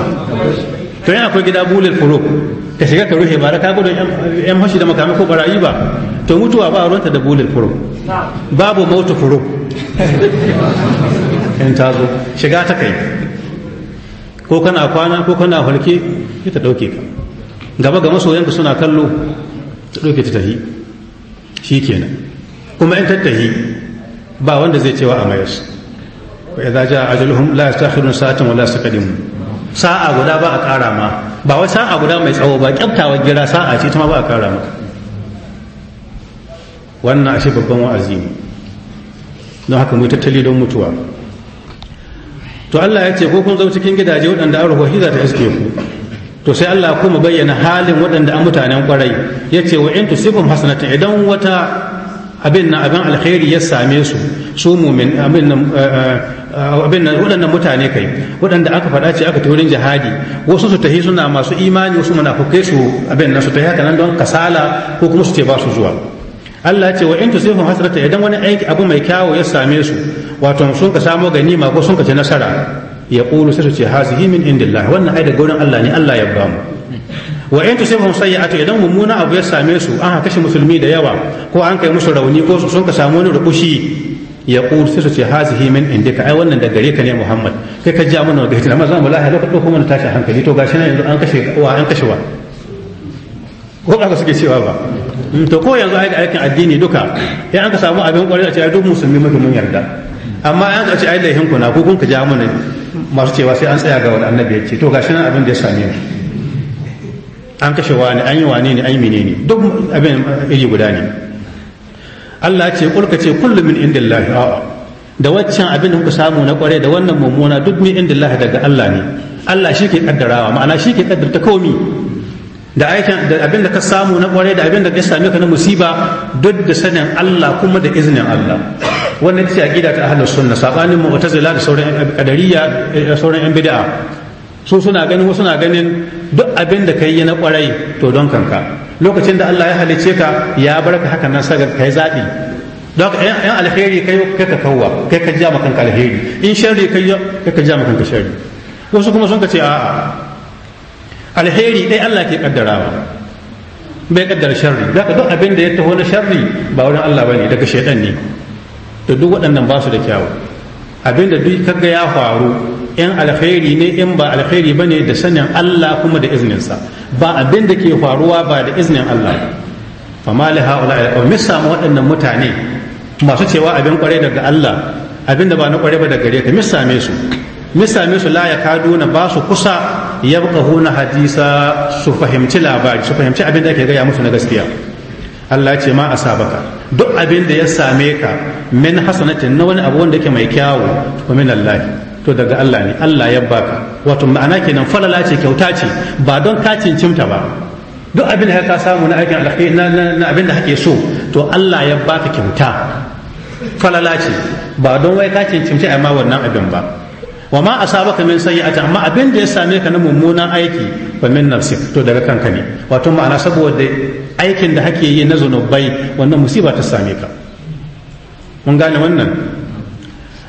to yana akwai gida bulil furuk ka shiga ka ruhe ba da ka gudun 'yan fashi da makamai ko barayi ba to mutuwa ba ruwanta da bulil furuk babu mautu furu in ta zo shiga ta kai ko kana kwana ko kana hulke ita ta ɗauke ka gaba ga masoyanka suna kallo ta ɗauke ta tahi shi kenan kuma in ta tahi ba wanda zai cewa a mayar wa idza jaa ajaluhum la yastakhirun sa'atan wa la yastaqdimun sa'a guda ba a ƙara ma ba wai sa'a guda mai tsawo ba kyaftawa gira sa'a ce ta ma ba a ƙara maka wannan ashe babban wa'azi ne don haka mu tattali don mutuwa to Allah ya ce ko kun zama cikin gidaje waɗanda an ruhuhi ta iske ku to sai Allah kuma bayyana halin waɗanda an mutanen kwarai ya ce wa in tusibum hasanatan idan wata abin na abin alkhairi ya same su su mumin eh, eh, abin nan waɗannan mutane kai waɗanda aka faɗa ce aka wurin jihadi wasu su tahi suna masu imani wasu munafukai su abin nan su tahi haka nan don kasala ko kuma su ce ba su zuwa Allah ce wa in tusihum hasrata idan wani aiki abu mai kyawo ya same su wato sun ka samo ganima ko sun ka ci nasara ya qulu sai su ce hazihi min indillah wannan ai daga wurin Allah ne Allah ya ba mu wa in tusihum sayyi'atu idan mummuna abu ya same su an kashe musulmi da yawa ko an kai musu rauni ko sun ka samu wani rubushi ya qulu sai su ce hazihi min indika ai wannan da gare ka ne muhammad kai ka ja mana gaita amma zan wallahi lokacin da kuma mana tashin hankali to gashi nan yanzu an kashe wa an kashe wa ko ba suke cewa ba to ko yanzu ai da aikin addini duka in an ka samu abin kwarai a ce duk musulmi muke mun yarda amma an ka ce ai laihin ku na ko kun ka ja mana masu cewa sai an tsaya ga wani annabi ya ce to gashi nan abin da ya same mu an kashe wani an yi wani ne an yi menene duk abin iri guda ne Allah ce kulka ce kullum min indillahi a'a da waccan abin da kuka samu na kwarai da wannan mummuna duk min indillahi daga Allah ne Allah shi ke kaddarawa ma'ana shi ke kaddarta komi da aikin da abin da ka samu na kware da abin da ka same ka na musiba duk da sanin Allah kuma da iznin Allah wannan ce aqida ta ahlus sunna sabanin mu'tazila da sauran qadariyya da eh, sauran yan bid'a so suna ganin wasu suna ganin duk abin da kai na kwarai to don kanka lokacin da Allah ya halice ka ya barka haka nan sagar kai zabi don haka yan alheri kai ka kawwa kai ka ja kanka alheri in sharri kai ka ja makanka sharri wasu kuma sun ka ce a'a alheri dai Allah ke kaddarawa bai kaddara sharri zaka duk abin da ya taho na sharri ba wurin Allah bane daga shaytan ne to duk waɗannan ba su da kyawu abin da duk kaga ya faru in alheri ne in ba alheri bane da sanin Allah kuma da iznin sa ba abin da ke faruwa ba da iznin Allah fa mali haula alqawmi samu waɗannan mutane masu cewa abin kware daga Allah abin da ba na kware ba daga gare ka mis same su misa su la ya kado na ba su kusa ya huna hadisa su fahimci labari su fahimci abin da ake gaya musu na gaskiya Allah ce ma a sabaka duk abin da ya same ka min hasanatin na wani abu wanda yake mai kyawu wa min Allah to daga Allah ne Allah ya baka wato ma'ana kenan falala ce kyauta ce ba don ka cincimta ba duk abin da ka samu na aikin alkhairi na abin da kake so to Allah ya baka kyauta falala ce ba don wai ka cincimta amma wannan abin ba wa ma asabaka min sayyi'ati amma abin da ya same ka na mummunan aiki fa min nafsik to daga kanka ne wato ma'ana saboda aikin da hake yi na zunubai wannan musiba ta same ka mun gane wannan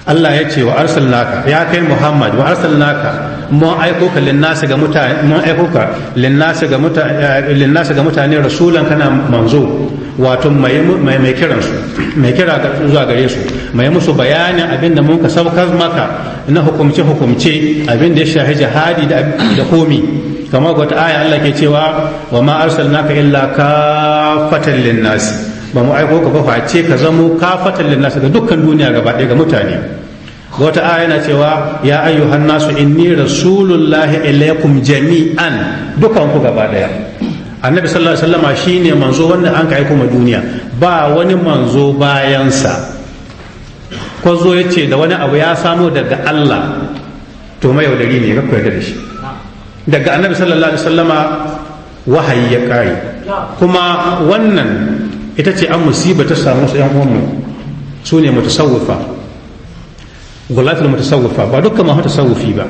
Allah ya ce wa arsalnaka ya kai Muhammad wa arsalnaka mun aiko ka linnasi ga mutane mu aiko ka linnasi ga mutane eh, linnasi ga mutane rasulan kana manzo wato mai mai kiran mai kira zuwa gare su mai musu bayanin abinda mun ka saukar maka na hukumce hukumce abin da ya shafi jihadi da komi kamar wata aya Allah ke cewa wa ma arsalnaka illa kafatan linnasi ba mu aiko ka ba ce ka zamo kafatan linnasi ga dukkan duniya gaba ɗaya ga mutane wata aya na cewa ya ayyuhan nasu inni rasulullahi ilaikum jami'an dukanku ku gaba ɗaya annabi sallallahu alaihi wasallama shine manzo wanda an ka aiko ma duniya ba wani manzo bayansa ko zo ya ce da wani abu ya samo daga Allah to mai yaudari ne ga koyar da shi daga annabi sallallahu alaihi wasallama wahayi ya kare kuma wannan ita ce an musiba ta samu su yan uwanmu su ne mutasawwifa gulatul mutasawwifa ba dukkan ma mutasawwifi ba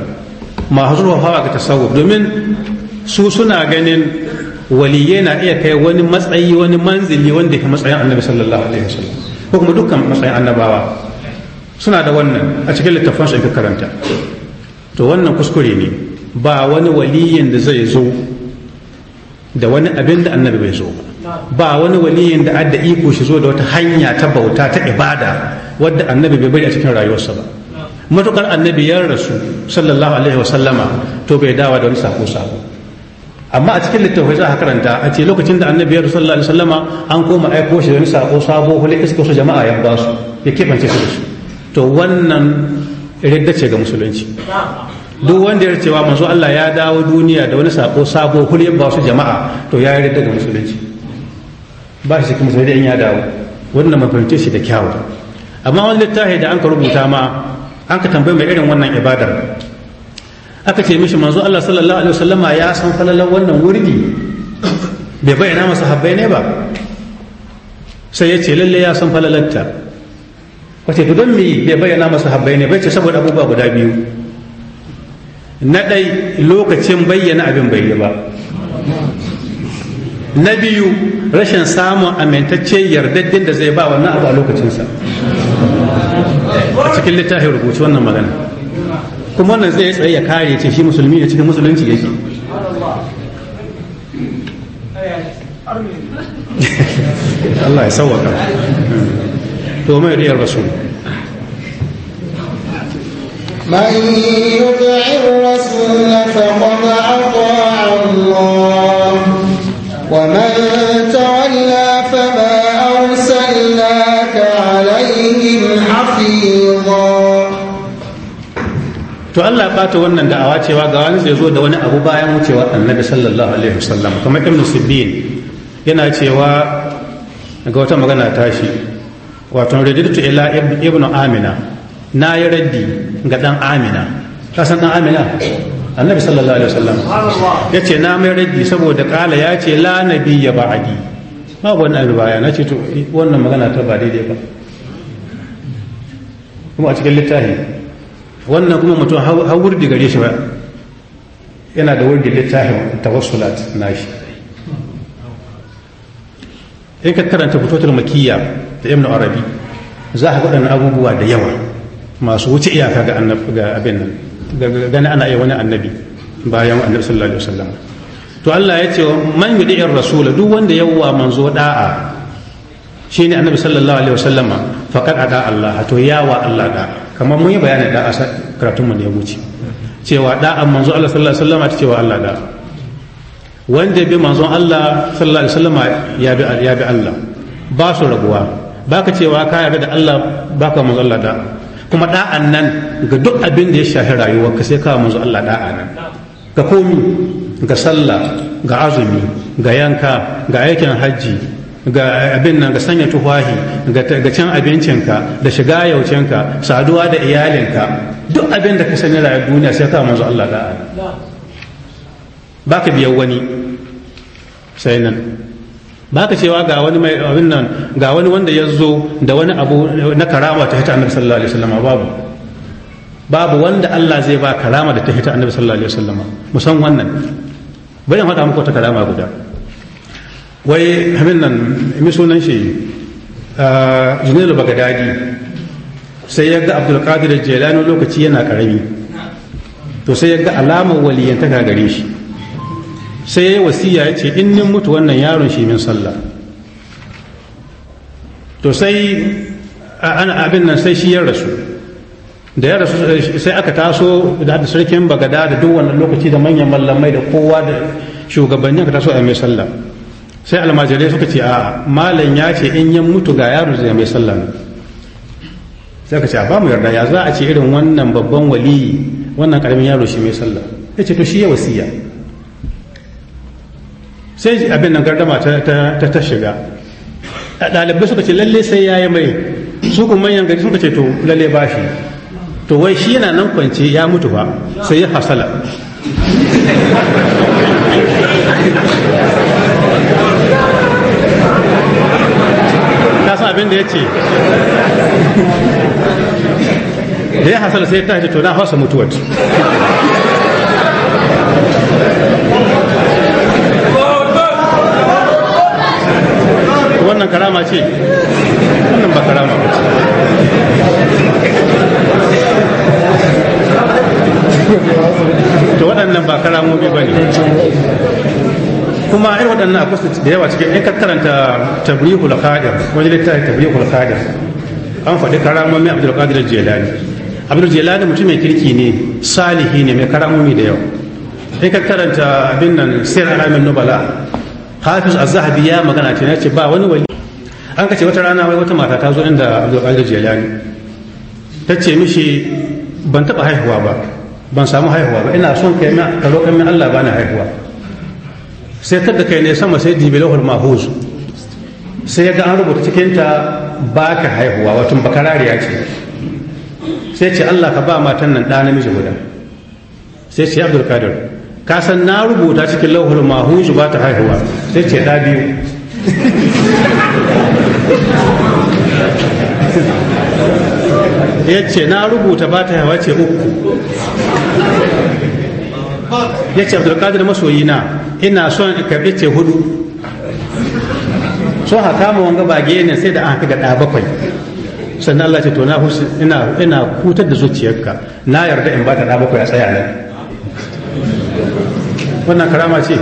ma zuwa hawa ga tasawwuf domin su suna ganin waliye na iya kai wani matsayi wani manzili wanda ya matsayin annabi sallallahu alaihi wasallam ko kuma dukkan matsayin annabawa suna da wannan a cikin su ake karanta to wannan kuskure ne ba wani waliyin da zai zo da wani abin da annabi bai zo ba ba wani waliyin da adda iko shi zo da wata hanya ta bauta ta ibada wadda annabi bai bari a cikin rayuwarsa ba matukar annabi ya rasu sallallahu alaihi wasallama to bai dawa da wani sako sako amma a cikin littafai za a karanta a ce lokacin da annabi ya rasu sallallahu alaihi wasallama an koma aiko shi da wani sako sabo hule iska su jama'a ya ba su ya kebance su da su to wannan ridda ce ga musulunci duk wanda ya cewa manzo Allah ya dawo duniya da wani sako sabo kullum ba su jama'a to ya yi ridda ga musulunci ba shi cikin musulunci in ya dawo wannan mafahimce shi da kyawu amma wani littafi da an ka rubuta ma an ka tambayi mai irin wannan ibadar aka ce mishi manzo Allah sallallahu alaihi wasallama ya san falalar wannan wurdi bai bayyana masa habbai ne ba sai ya ce lalle ya san falalarta wace to don me bai bayyana masu habbai ne bai ce saboda abubuwa guda biyu na ɗai lokacin bayyana abin bai yi ba na biyu rashin samun amintacce yardaddin da zai ba wannan abu a lokacinsa a cikin littafin rubuci wannan magana kuma wannan zai tsaye ya kare ce shi musulmi ne cikin musulunci yake Allah ya sauwaka وما يطيع الرسول من يطع الرسول فقد أطاع الله ومن تولى فما أرسلناك عليهم حفيظا to Allah ya bata wannan da'awa cewa ga wani zai zo da wani abu bayan wucewa annabi sallallahu alaihi wasallam kamar ibn sibbin yana cewa ga wata magana tashi wato radidtu ila ibnu amina na yi raddi ga dan amina kasan san dan amina annabi sallallahu alaihi wasallam ya ce na mai raddi saboda kala ya ce la nabiyya ba'adi ma wani abu baya na ce to wannan magana ta ba daidai ba kuma a cikin littafi wannan kuma mutum har wurdi gare shi ba yana da wurdi littafin tawassulat nashi in ka karanta fitotar makiyya da ibn arabi za a gudanar abubuwa da yawa masu wuce iyaka ga ga abin nan gani ana yi wani annabi bayan annabi sallallahu alaihi wasallam to Allah ya ce man yudi'ir rasula duk wanda yawa manzo da'a shine annabi sallallahu alaihi wasallama faqad ada Allah to yawa Allah da kamar mun yi bayani da asa karatun mu ne ya wuce cewa da'a manzo Allah sallallahu alaihi wasallama cewa Allah da wanda bi manzon Allah sallallahu alaihi wasallama ya bi ya bi Allah ba su rabuwa baka cewa ka yarda da Allah baka manzo Allah da'a kuma da'an nan ga duk abin da ya shafi ka sai ka manzo Allah da'a nan ga komi ga sallah ga azumi ga yanka ga aikin hajji ga abin nan ga sanya tufafi, ga cin abincin ka, da shiga yaucinka saduwa da iyalinka duk abin da ka sani rayuwar duniya sai ka manzo Allah da'a ba ka biyan wani sai nan ba ka cewa ga wani mai abin nan ga wani wanda ya zo da wani abu na karama ta hita annabi sallallahu alaihi wasallam babu babu wanda Allah zai ba karama da ta hita annabi sallallahu alaihi wasallam mu san wannan bari faɗa muku ta karama guda wai abin nan mi sunan shi Junairu ah, Bagadadi sai ya ga Abdul Qadir Jilani lokaci yana karami to sai ya ga alamar ga gare shi sai ya yi wasiya ya ce in nin mutu wannan yaron shi min sallah to sai ana abin nan sai shi ya rasu da ya rasu sai aka taso da sarkin bagada da duk wannan lokaci da manyan mallamai da kowa da shugabanni aka taso a mai sallah sai almajirai suka ce a malam ya ce in yan mutu ga yaro zai mai sallah sai aka ce ba mu yarda ya za a ce irin wannan babban waliyi wannan karamin yaro shi mai sallah ya ce to shi ya wasiya sai abin nan gardama ta ta shiga ɗalibai suka ce lalle sai ya yi mai su kuma manyan gari suka ce to lalle ba shi to wai shi yana nan kwance ya mutu ba sai ya hasala ta san abin da ya ce da ya hasala sai ta ce to na hausa mutuwar wannan karama ce wannan ba karama ba ce to waɗannan ba karamomi ba ne kuma irin waɗannan akwai da yawa cikin in ka karanta tabrihul qadir wani littafi tabrihul qadir an faɗi karamomi abdul qadir jilani abdul jilani mutumin kirki ne salihi ne mai karamomi da yawa in karanta abin nan sirr alamin nubala hafiz az-zahabi ya magana ce ba wani wali an ka ce wata rana wai wata mata ta zo inda abdulkadir jelani ta ce mishi ban taɓa haihuwa ba ban samu haihuwa ba ina son kai ka roƙon min Allah bani haihuwa sai ta da kai ne sama sai lahul mahuz sai ya ga an rubuta cikin ta baka haihuwa wato bakarariya ce sai ce Allah ka ba matan nan ɗa namiji guda sai ce abdulkadir ka san na rubuta cikin lahul mahuz ba ta haihuwa sai ce ɗa biyu ya ce na rubuta ba ta yawa ce uku ya ce abdulkadir masoyina ina son karɓi ce hudu so ha kama wanga bage ne sai da an ga da bakwai sannan Allah ce to na ina ina kutar da zuciyarka na yarda in ba da bakwai a tsaya ne wannan karama ce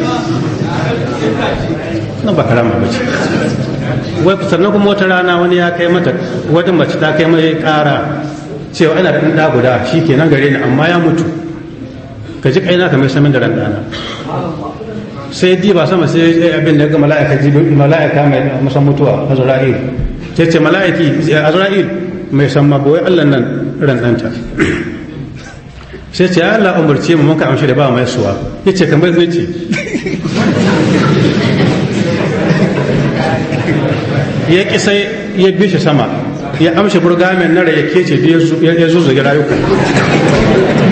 na ba karama ba ce wai sannan kuma wata rana wani ya kai mata wata mace ta kai mai kara cewa ina da ɗa guda shi nan gare ni amma ya mutu ka ji kaina kamar samun da ran ɗana sai di ba sama sai abin da ga mala'ika mala'ika mai musan mutuwa azra'il ta ce mala'iki azra'il mai san magoyi allah nan ran ɗanta sai ce ya allah umarce mu muka amshi da ba mai suwa yace ce kamar zai ce ya ƙi sai ya bi shi sama ya amshi burgamen nara ya kece ya zuzu ya rayuka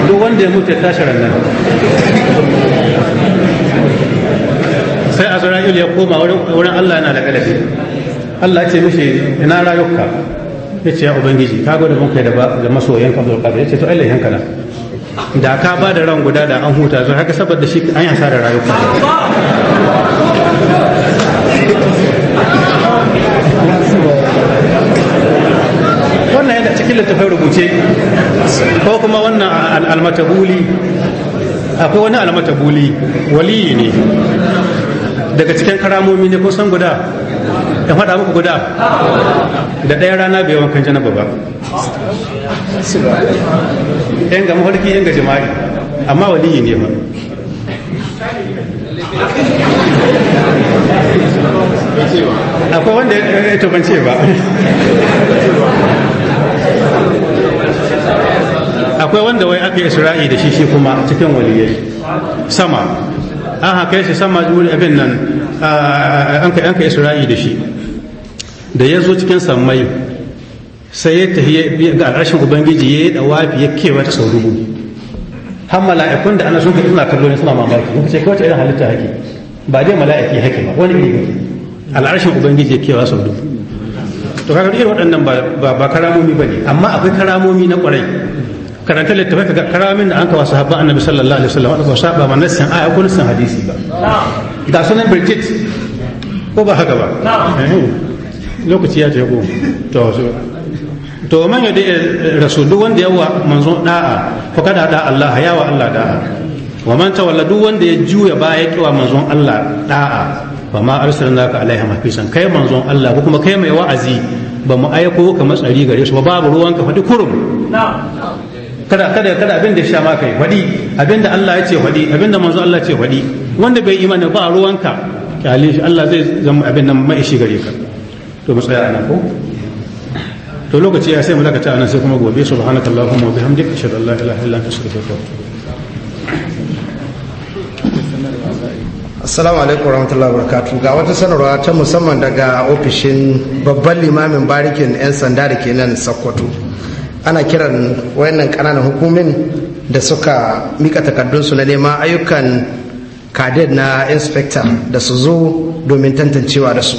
duk wanda ya mutu ya tashi nan sai azra'il ya koma wurin allah yana da ƙarfi allah ce mishi ina rayuka ya ce ya ubangiji ka gwada mun kai da masoyan kabdul zuwa ya ce to allah na da ka ba da ran guda da an huta zuwa haka saboda shi an yi da rayuka cikin littafin rubuce ko kuma wannan almatabuli akwai wani almatabuli waliyi ne daga cikin karamomi ne kusan guda ya faɗa muku guda da ɗaya rana bai wankan janaba ba ɗan ga mafarki ɗan ga jima'i amma waliyi ne ba akwai wanda ya tobance ba akwai wanda wai aka isra'i da shi shi kuma cikin waliyai sama an haka shi sama juri abin nan an ka isra'i da shi da ya zo cikin sammai sai ya tafi ga al'ashin ubangiji ya yi da wafi ya kewa ta sau dubu har mala'ikun da ana sun kai suna kallo ne suna mamaki in ce kowace irin halitta hake ba dai mala'iki hake ba wani ne hake al'arshin ubangiji ya kewa sau dubu to kaga irin waɗannan ba karamomi ba ne amma akwai karamomi na ƙwarai karanta littafai ka karamin da an kawo sahabba annabi sallallahu alaihi wasallam wanda ba saba ma san aya ko san hadisi ba da sunan birkit ko ba haka ba eh, lokaci ya tafi to to man yadi eh, rasul duk wanda yawa manzon da'a ko kada da Allah yawa Allah da'a wa man tawalla duk wanda ya juya ba ya kiwa manzon Allah da'a fa ma arsalnaka alaihim hafisan kai manzon Allah ko kuma kai mai wa'azi ba mu aiko ka matsari gare su ba babu ruwanka fa duk kurum kada kada kada abin da sha ma kai wadi abin da Allah ya ce wadi abin da manzo Allah ya ce wadi wanda bai imani ba ruwanka kyale shi Allah zai zama abin nan mai shi gare ka to mu tsaya anan ko to lokaci ya sai mu ta anan sai kuma gobe subhanakallahumma wa bihamdika ashhadu an la ilaha illa anta astaghfiruka wa atubu Assalamu alaikum warahmatullahi wabarakatuh ga wata sanarwa ta musamman daga ofishin babban limamin barikin 'yan sanda da ke nan Sokoto. ana kiran wayannan ƙananan hukumin da suka mika takardunsu na neman ayyukan kadet na inspector da su zo domin tantancewa da su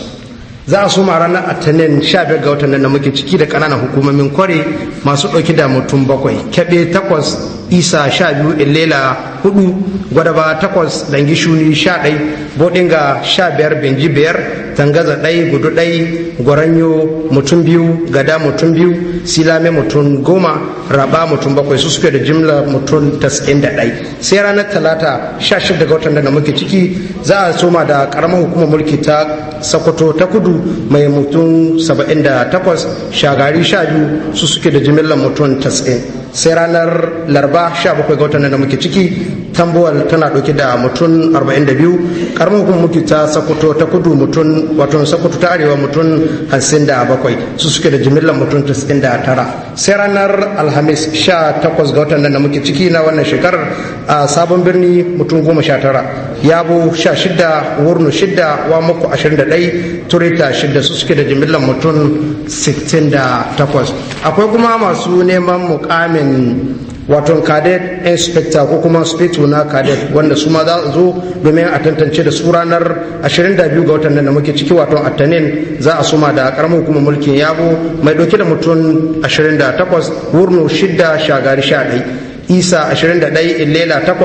za a suma ranar atanen 15 ga watan nan da muke ciki da ƙananan hukumomin kware masu ɗauki da mutum bakwai kebe takwas isa sha biyu illela hudu gwadaba takwas dangi shuni sha ɗai ga sha biyar benji biyar tangaza ɗai gudu ɗai gwaranyo mutum biyu gada mutum biyu silame mutum goma raba mutum bakwai su suke da jimla mutum tasirin da ɗai sai ranar talata sha shida ga watan da muke ciki za a soma da karamar hukumar mulki ta sokoto ta kudu mai mutum saba'in da takwas shagari sha biyu su suke da jimla mutum tasirin sai ranar larba 17 ga watan da muke ciki tambuwal tana ɗauke da mutum 42 karamin hukumar mulki ta sokoto ta kudu mutum wato sokoto ta arewa mutum 57 su suke da jimillar mutum 99 sai ranar alhamis 18 ga watan nan da muke ciki na wannan shekarar a sabon birni mutum 19 yabo 16 wurnu 6 wa muku 21 turita 6 su suke da jimillar mutum 68 akwai kuma masu neman mukamin wato cadet inspector ko kuma speto na cadet wanda su ma za su zo domin a tantance da su ranar 22 ga watan nan da muke ciki wato attanin za a suma da karamar hukumar mulkin yabo mai dauke da mutum 28 wurno 6 shagari 11 isa 21 illela 8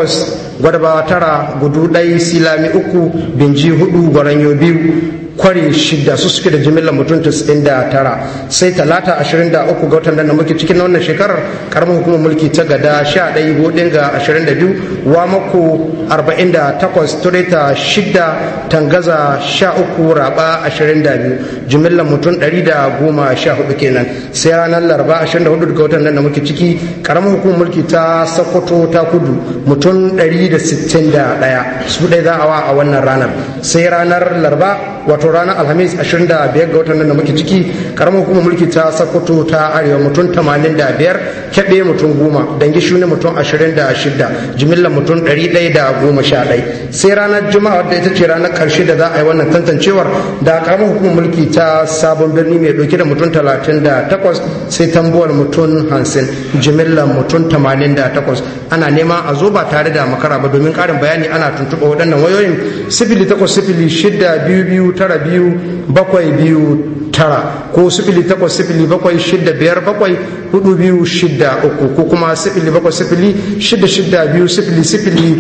gwadaba 9 gudu 1 silami 3 binji 4 gwaranyo biyu kware shida su suke da jimillar mutum tara sai talata ashirin da uku ga watan da muke cikin wannan shekarar karamin hukumar mulki ta gada sha ɗaya godin ga ashirin da biyu wa mako arba'in da takwas tureta shida tangaza sha uku raba ashirin da biyu jimillar mutum ɗari da goma sha hudu kenan sai ranar laraba ashirin da hudu ga watan da muke ciki karamin hukumar mulki ta sokoto ta kudu mutum ɗari da sittin da ɗaya su ɗaya za a wa a wannan ranar sai ranar laraba wato ranar alhamis 25 ga watan nan da muke ciki karamar hukumar mulki ta sakoto ta arewa mutum 85 kebe mutum goma dangi shune mutum 26 jimillar mutum 111 sai ranar juma'a wadda ita ce ranar karshe da za a yi wannan tantancewar da karamar hukumar mulki ta sabon birni mai dauke da mutum 38 sai tambuwar mutum 50 jimillar mutum 88 ana nema a zo ba tare da makara ba domin karin bayani ana tuntuɓa waɗannan wayoyin sifili takwas sifili shida biyu biyu tara biyu bakwai biyu tara ko sifili takwas sifili bakwai shidda biyar bakwai hudu biyu shidda uku ko kuma sifili bakwai sifili shidda shidda biyu sifili sifili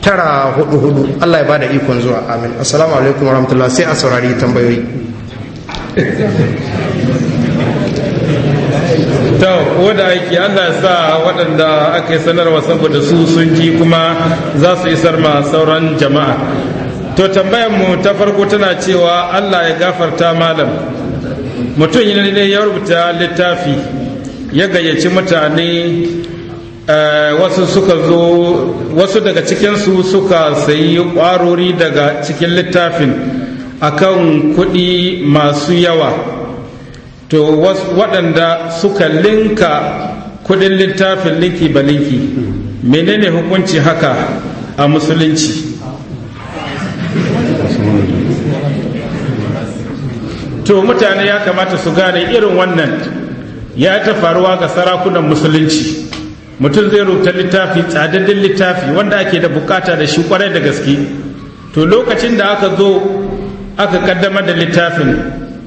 tara hudu hudu Allah ya bada ikon zuwa amin assalamu alaikum warahmatullah sai a saurari tambayoyi ta wadda aiki allah sa waɗanda aka yi sanarwa saboda su sun ji kuma za su isar ma sauran jama'a to tambayar mu ta farko tana cewa Allah ya gafarta malam mutum yi ne ya rubuta littafi ya gayyaci mutane eh, wasu suka zo wasu daga cikinsu suka sayi kwarori daga cikin littafin akan kuɗi masu yawa to waɗanda suka linka kuɗin littafin linki ba linki menene hukunci haka a musulunci to mutane ya kamata su gane irin wannan ya ta faruwa ga sarakunan musulunci mutum zai rubuta littafi tsadaddin littafi wanda ake da bukata da shi kwarai da gaske to lokacin da aka zo aka ƙaddamar da littafin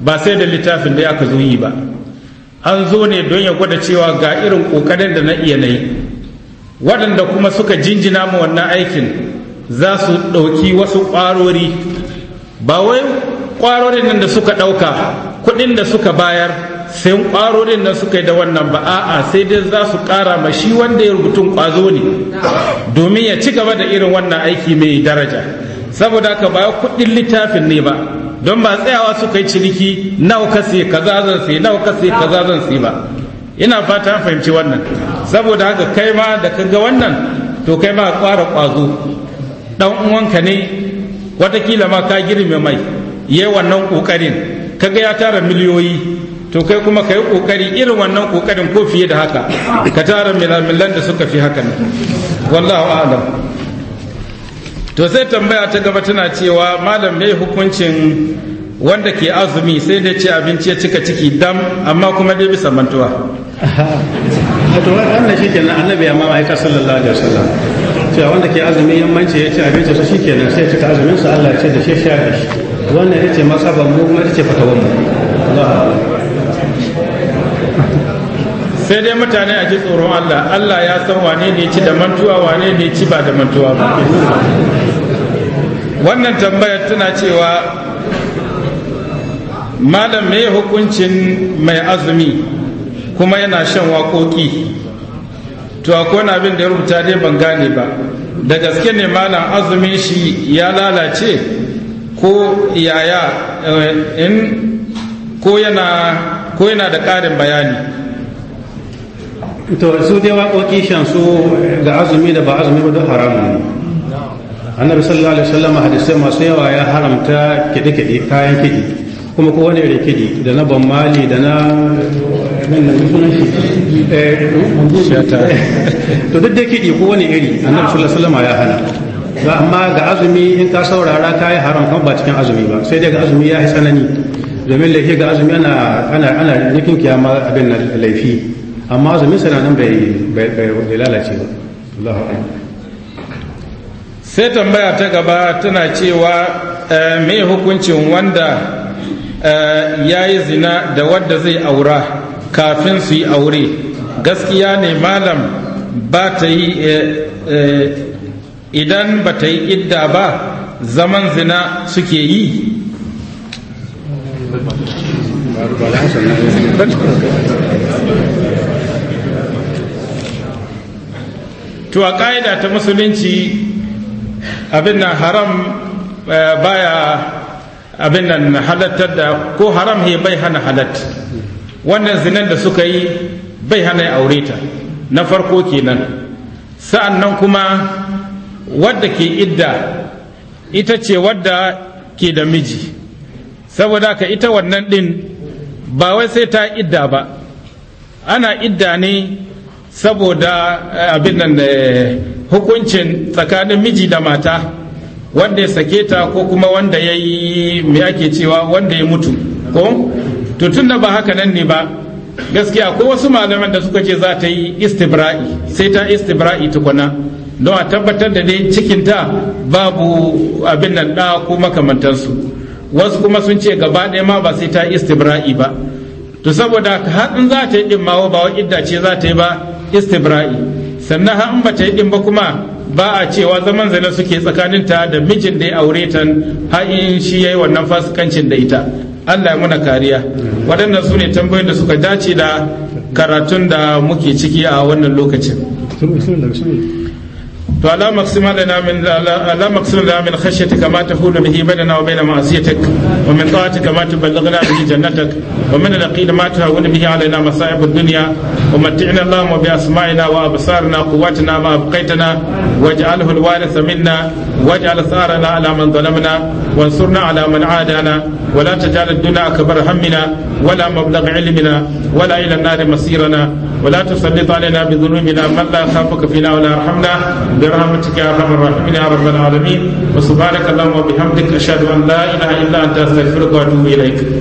ba sai da littafin da aka zo yi ba an zo ne don ya gwada cewa ga irin kokarin da na iya na yi waɗanda kuma suka jinjina mu wannan aikin za su ɗauki wasu ƙwarori ba wai kwarorin nan da suka ɗauka kuɗin da suka bayar sai kwarorin nan suka yi da wannan ba a'a sai dai za su ƙara ma shi wanda ya rubutun kwazo ne domin ya ci gaba da irin wannan aiki mai daraja saboda ka ba kuɗin littafin ne ba don ba tsayawa suka yi ciniki nawa ka sai kaza zan sai nawa ka sai kaza zan sai ba ina fata fahimci wannan saboda haka kai ma da ka ga wannan to kai ma ƙwara kwazo Ɗan uwanka ne watakila ma ka girme mai ya wannan kokarin kaga ya tara miliyoyi to kai kuma ka yi kokari irin wannan kokarin ko fiye da haka ka tara milan da suka fi haka ne. wallahu alam to sai tambaya ta gaba tana cewa malam mai hukuncin wanda ke azumi sai da ce abinci ya cika ciki dam amma kuma dai bisa mantuwa to wannan shikenan annabi amma ma'aika sallallahu alaihi wasallam cewa wanda ke azumi yammanci ya ci abinci su nan, sai ya cika azumin su Allah ya ce da shi shafi wannan ita ce mu kuma ce fata sai dai mutane a ji tsoron Allah Allah ya san wane ne ci da mantuwa wane ne ci ba da mantuwa ba wannan tambayar tana cewa malam me hukuncin mai azumi kuma yana shan waƙoƙi to akwai na abin da ya rubuta dai ban gane ba da gaske ne malam azumin shi ya lalace ko yaya eh, in ko yana ko yana da ƙarin bayani to su dai waƙoƙi shan su eh, ga azumi da ba azumi ba duk haram ne annabi sallallahu alaihi wasallam hadisai masu yawa ya haramta kiɗe-kiɗe kayan kiɗi kuma ko wani irin kiɗi da na ban mali da na eh, to duk dai kiɗi ko wani iri annabi sallallahu alaihi wasallam ya hana ba amma ga azumi in ka saurara ka yi haram kan ba cikin azumi ba sai dai ga azumi ya yi tsanani domin laifi ga azumi ana ana nufin kiyama abin laifi amma azumi sa nan bai lalace ba Allah sai tambaya ta gaba tana cewa eh, mai hukuncin wanda eh, ya yi zina da wadda zai aura kafin su yi aure gaskiya ne malam ba ta yi eh, idan ba ta yi idda ba zaman zina suke yi to a ƙa'ida ta musulunci abin nan haram eh, baya abin nan halattar da ko haram he bai hana halat wannan zinan da suka yi bai hana ya aure na farko kenan sa'an nan kuma wadda ke idda ita ce wadda ke da miji saboda ka ita wannan din ba wai sai ta idda ba ana idda ne saboda eh, abin nan eh, hukuncin tsakanin miji da mata wanda ya sake ta ko kuma wanda ya yi mai ake cewa wanda ya mutu ko tutun da ba haka nan ne ba gaskiya ko wasu malaman da suka ce za ta yi istibra'i sai ta istibra'i tukuna don a tabbatar da dai cikinta babu abin nan da ko makamantansu wasu kuma sun ce gaba ɗaya ma ba sai ta istibra'i ba to saboda haɗin za ta yi ɗin ma ba wa idda ce za ta yi ba istibra'i sannan haɗin ba ta yi ɗin ba kuma ba a cewa zaman zane suke tsakanin ta da mijin da ya aure ta ha'in shi ya yi wannan fasikancin da ita allah ya muna kariya waɗannan su ne tambayoyin da suka dace da karatun da muke ciki a wannan lokacin to ala maksima lana min ala maksima lana min khashyatika ma tahulu bihi bainana wa bain ma'siyatik wa min ta'atika ma tuballighna bihi jannatak wa min al ma tahawwanu bihi alaina masa'ib ad-dunya wa mat'ina Allahumma bi asma'ina wa absarina quwwatina ma abqaitana waj'alhu al-waritha minna waj'al tharana ala man zalamna وانصرنا على من عادانا ولا تجعل الدنيا أكبر همنا ولا مبلغ علمنا ولا إلى النار مصيرنا ولا bi علينا بذنوبنا من لا يخافك فينا ولا يرحمنا برحمتك يا ارحم الراحمين يا رب العالمين وسبحانك اللهم وبحمدك اشهد ان لا اله الا انت استغفرك واتوب اليك